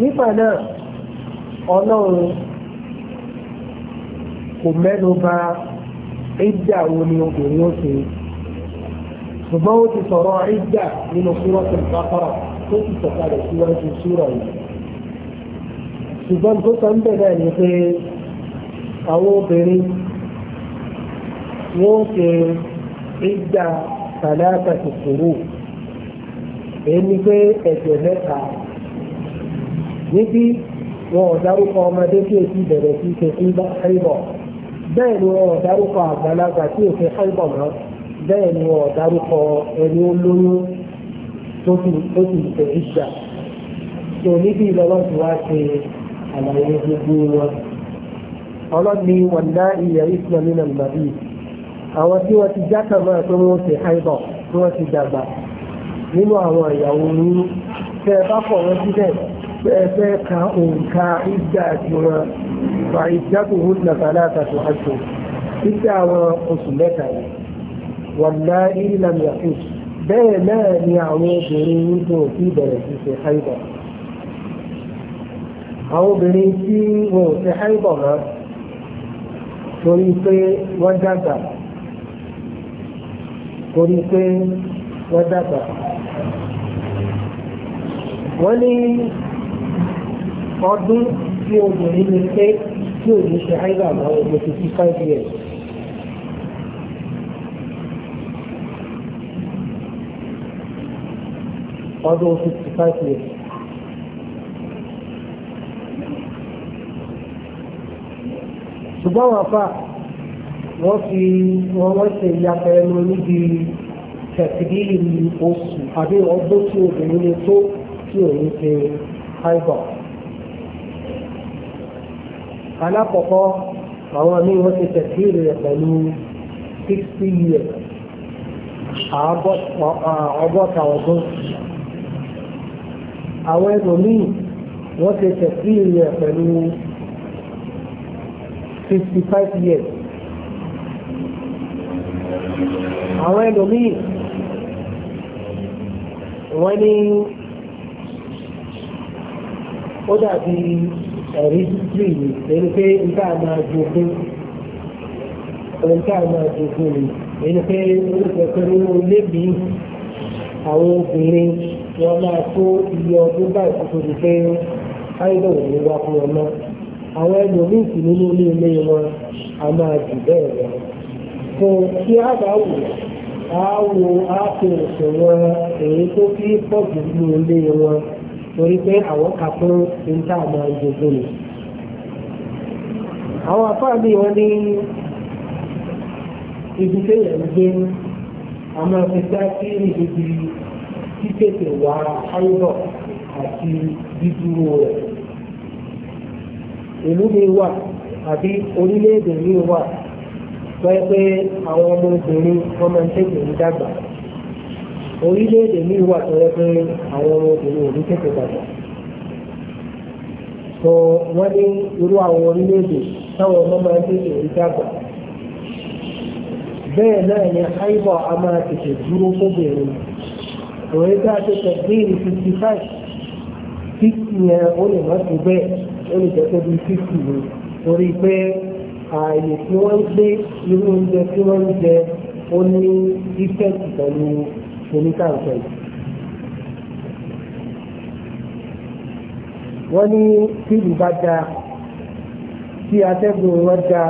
Speaker 1: nígbà náà ọlọ́run kò mẹ́nu bà ìdá wo ni obìnrin ó ṣe ṣùgbọ́n ó ti sọ̀rọ̀ ìdá nínú Suratul Baqara tó ti sọ̀kalẹ̀ síwájú súrà yìí ṣùgbọ́n tó sọ ń bẹ̀rẹ̀ ni pé àwọn obìnrin wọ́n ṣe ìdá tàlátà kòkòrò èyí ni pé ẹ̀jẹ̀ mẹ́ta níbí wọn ò dárúkọ ọmọdé tí o ti bẹ̀rẹ̀ sí ṣe fún ẹ̀rọ bẹ́ẹ̀ ni wọn ò dárúkọ àgbàlagbà tí o ṣe ẹ̀rọ mọ́ bẹ́ẹ̀ ni wọn ò dárúkọ ẹni olóyún tó ti ṣe ìjà tó níbí lọ́wọ́ tí wàá ṣe àlàyé gbogbo wọn. ọlọ́ni wọn dá ìyẹ̀ ìsìnà nínú ìgbàdí àwọn tí wọ́n ti jákà máa tó wọ́n ṣe ẹ̀rọ tí wọ́n ti dàgbà nínú àwọn ìyàwó yín tẹ́ ẹ bá fọ̀ wọ́n síbẹ̀ fẹ́ ka òǹkà ìdá àti wọn fa ìjákò hún na fàlàtà tó aṣọ ìdá àwọn oṣù mẹ́ta yìí wọ́n ná ìlànà yàtọ̀ bẹ́ẹ̀ náà ni àwọn obìnrin nínú òfin bẹ̀rẹ̀ sí ṣe haibọ̀ àwọn obìnrin tí wọn ṣe haibọ̀ mọ́ torí pé wọ́n dàgbà torí pé wọ́n dàgbà wọ́n ní ọdún tí obìnrin lè pé tí ò ní ṣe àìlà àwọn ọmọ fifty five years. ọdún fifty five years. ṣùgbọ́n wọn fà wọ́n fi wọ́n wọ́n ṣe ìyàtọ̀ ẹnu níbi tẹ̀sídìlì oṣù àbí ọdún tí obìnrin lè tó tí ò ní ṣe àìbọ̀ alákọ̀ọ́kọ́ àwọn míì wọ́n ti tẹ̀sí rẹ̀ pẹ̀lú sixty years ọgọ́ta ọdún àwọn ẹlòmíì wọ́n ti tẹ̀sí rẹ̀ pẹ̀lú fifty years àwọn ẹlòmíì wọ́n ní ó dàbí. ẹ̀rísítírì ni èyí pé nǹkan àmà àjogún nǹkan àmà àjogún ni èyí pé na pé nínú àwọn obìnrin wọn máa tó iye ọdún báyìí kó di pé áìdọ̀ wò ní wá fún wọn náà àwọn ẹlòmíì sì nínú ilé a máa jù bẹ́ẹ̀ lọ. fún kí a torí pé àwọn kà fún níta àmọ́ ìjòkó ni. àwọn afáàbí wọn ní ibi tí èèyàn gbé àmọ́ ìfẹ́ sí ibi títètè wà áyọ̀ àti dídúró rẹ̀. ìlú mi wà àbí orílẹ̀-èdè mi wà pẹ́ pé àwọn ọmọ obìnrin wọ́n máa ń dàgbà orílẹ̀-èdè ní ìwà tó yẹ pé àwọn ọmọbìnrin ò ní tètè dàgbà so wọ́n ní irú àwọn orílẹ̀-èdè táwọn ọmọ máa ń tètè rí dàgbà bẹ́ẹ̀ náà ni àìbọ̀ a máa tètè dúró fóbìnrin òwe tá a tètè bíi fifty five fifty yẹn ó lè má tó bẹ́ẹ̀ ó lè jẹ́ tó bíi fifty ni torí pé ààyè tí wọ́n ń gbé irú oúnjẹ tí wọ́n ń jẹ ó ní ìfẹ́ ìtọ́lú onítàǹtọ̀ saya. wọ́n ní fíìlì bá da tí atẹ́gùn wọn da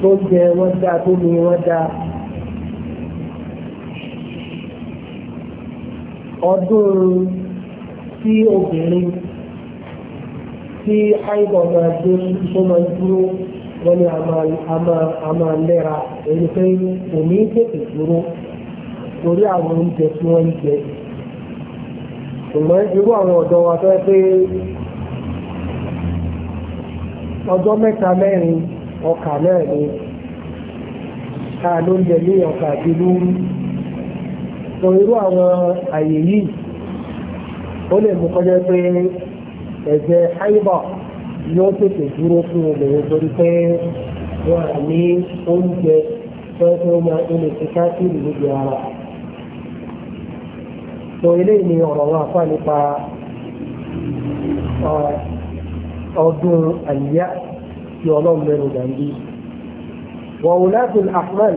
Speaker 1: tó jẹ wọn da tó mi wọn da. ọdún tí obìnrin tí àìbọ̀ máa gbé tó máa dúró wọ́n ní a máa lẹ́ra èyí pé òní tètè dúró torí àwọn oúnjẹ tí wọ́n ń jẹ ṣùgbọ́n irú àwọn ọ̀dọ́ wa fẹ́ pé ọjọ́ mẹ́ta mẹ́rin ọkà náà ni ká ló ń jẹ ní ọkà bíi lórí sọ irú àwọn àyè yìí ó lè mú kọjá pé ẹ̀jẹ̀ háìbà yóò tètè dúró fún obìnrin torí pé wọ́n ní oúnjẹ tó fẹ́ máa ń lè fi káàkiri níbi ara sọ eléyìí ni ọ̀rọ̀ wọn àfa nípa ọdún àyíyá tí ọlọ́run mẹ́rin dàbí. وولاة الأحمال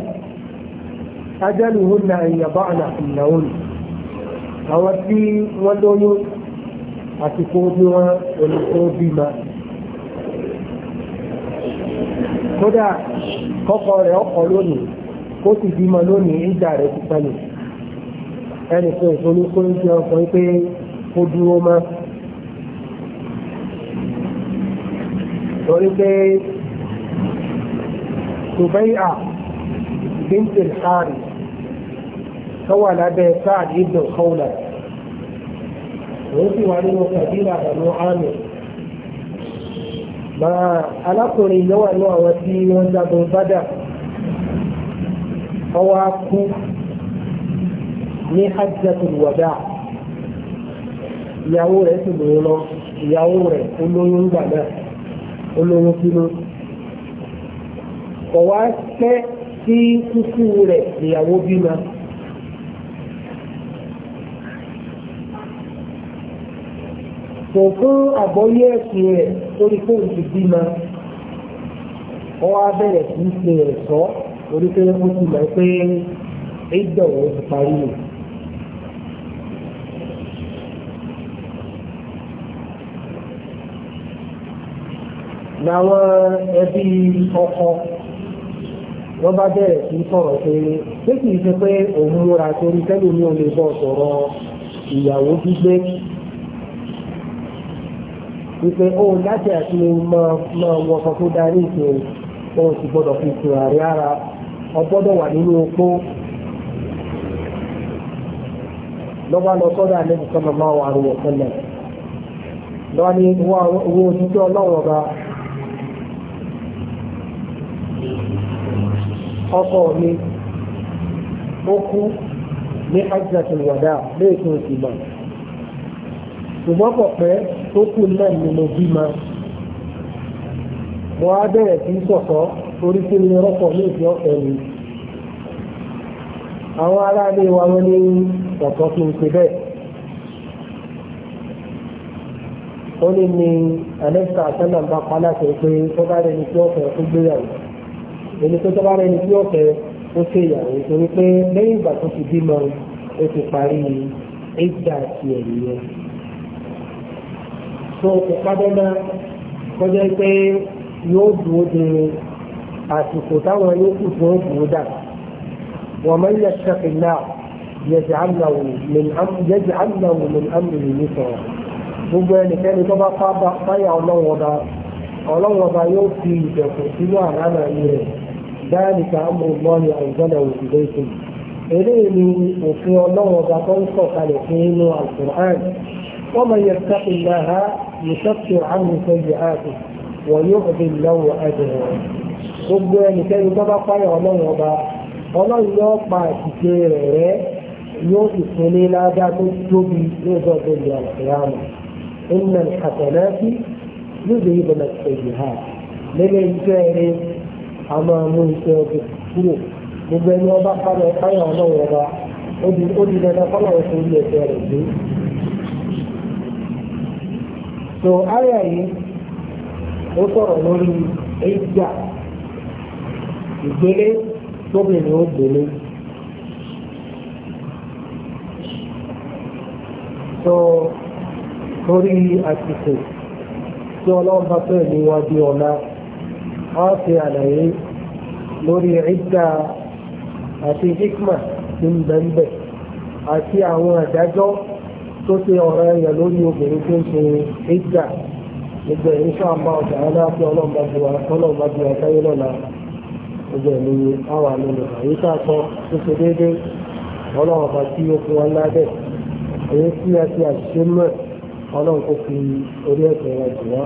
Speaker 1: أجلهن أن يضعن حملهن àwọn tí wọ́n lóyún àsìkò bí wọ́n olùkó bímọ. kódà kọ́kọ́ rẹ̀ ọkọ̀ lónìí kó sì bímọ lónìí ìjà rẹ̀ ti sẹ́yìn ẹnì kan ìfọ̀nù kó ń jẹ ọkùnrin pé kó dúró mọ́. torí pé Subai'a bint al-Harith tọ́wà lábẹ́ Sa'd ibn Khawla òun sì wà nínú kàbílà Banu Amir máa alákùnrin lọ́wọ́ àwọn tí wọ́n jagun bádà ọwọ́ á kú ní hajjatul wada ìyàwó rẹ̀ sì lòó lọ ìyàwó rẹ̀ olóyún gbà náà olóyún sínú ọ̀wá pẹ́ sí kúkú rẹ̀ ìyàwó bímọ. kò fún àgbọ́yé ẹ̀sìn rẹ̀ lórí fóònù ti bímọ ọwọ́ abẹ́rẹ̀ sí ṣe ẹ̀sọ́ orí pé ó ti mọ̀ pé ìdọ̀wọ́ ti parí nìyí. làwọn ẹbí ọkọ wọ́n bá bẹ̀rẹ̀ sí sọ̀rọ̀ pé pé kì í ṣe pé òun múra torí tẹ́lẹ̀ mi ò lè sọ̀rọ̀ ìyàwó gbígbé wípé ó oh, láti àti máa wọṣọ tó darí ìṣòro òun sì gbọ́dọ̀ fi ìṣòro àrí ara ọgbọ́dọ̀ wà nínú opó lọ́wọ́ lọ sọ́dọ̀ ọkọ mi ó kú ní hajjatul wada lẹ́ẹ̀kan oṣù mọ̀ ṣùgbọ́n kò pẹ́ tó kù náà ni mo bí ma mo á bẹ̀rẹ̀ sí sọ̀tọ̀ torí kí ni rọ́pọ̀ ní ìfẹ́ ọ̀fẹ́ mi àwọn aráalé wa wọn ní ọ̀tọ̀ tó ń ṣe bẹ́ẹ̀ ó ní ní ẹlẹ́sà àtẹ́lẹ̀ bá pa láti pé ó bá rẹ̀ tí ọ̀fẹ́ tó gbéyàwó ẹni tó tọ́ba rẹ ni tí ọ̀fẹ́ ó ṣe ìyàwó torí pé lẹ́yìn ìgbà tó ti bímọ ó ti parí ìjà ti ẹ̀yìn yẹn. tó o padà náà kọjá pé yóò dúró de àsìkò táwọn yòókù tó ń dúró dà wọ́n máa ń yẹ ṣẹ́kìn náà yẹ̀jẹ̀ àlàwò min amúlì nítorí gbogbo ẹnikẹ́ni tó bá fáyà ọlọ́wọ́ba ọlọ́wọ́ba yóò fi ìjẹ̀kùn sínú àlànà yìí rẹ̀. ذلك أمر الله أنزله إليكم eléyìí ni òfin ọlọ́run ọba tó ń sọ̀kalẹ̀ fún inú alukur'an ومن يتق الله يكفر عنه سيئاته ويعظم له أجره gbogbo ẹnikẹ́ni tó bá fáyọ̀ ọlọ́run ọba ọlọ́run yóò pa àṣìṣe rẹ̀ rẹ́ yóò sì fún ní ládàá tó tóbi lọ́jọ́ gbogbo àlùkìyàmù إن الحسنات يذهبن السيئات lẹ́lẹ́yìn jẹ́ ẹni a máa mú iṣẹ́ ọbẹ̀ kúrò gbogbo ẹni ọba kálọ̀ káyà ọlọ́run ọba ó di dandan kọ́lọ̀ ọ̀sẹ̀ orí rẹ̀ dé. so àyà yìí ó sọ̀rọ̀ lórí ẹ̀jà ìgbélé tóbìnrin ó gbélé. so lórí tí ọlọ́run bá ọ̀la. ọ́ fi àlàyé lórí ìdá àti hikma ní bẹ́ńbẹ́ àti àwọn àdájọ́ tó ṣe ọ̀rọ̀ ẹ̀yà lórí obìnrin tó ń ṣe ìdá gbogbo ẹ̀ insha Allah ta'ala àti ọlọ́mọba ju ọlọ́mọba ju àtàyé lọ́la gbogbo ẹ̀ lóye àwọn àmì nìkan èyí tá a sọ tó ṣe déédéé ọlọ́mọba tí ó fún wa ńlá bẹ́ẹ̀ èyí tí a ti àṣìṣe mọ́ ọlọ́run kò fi orí ẹ̀sẹ̀ wa jù wá.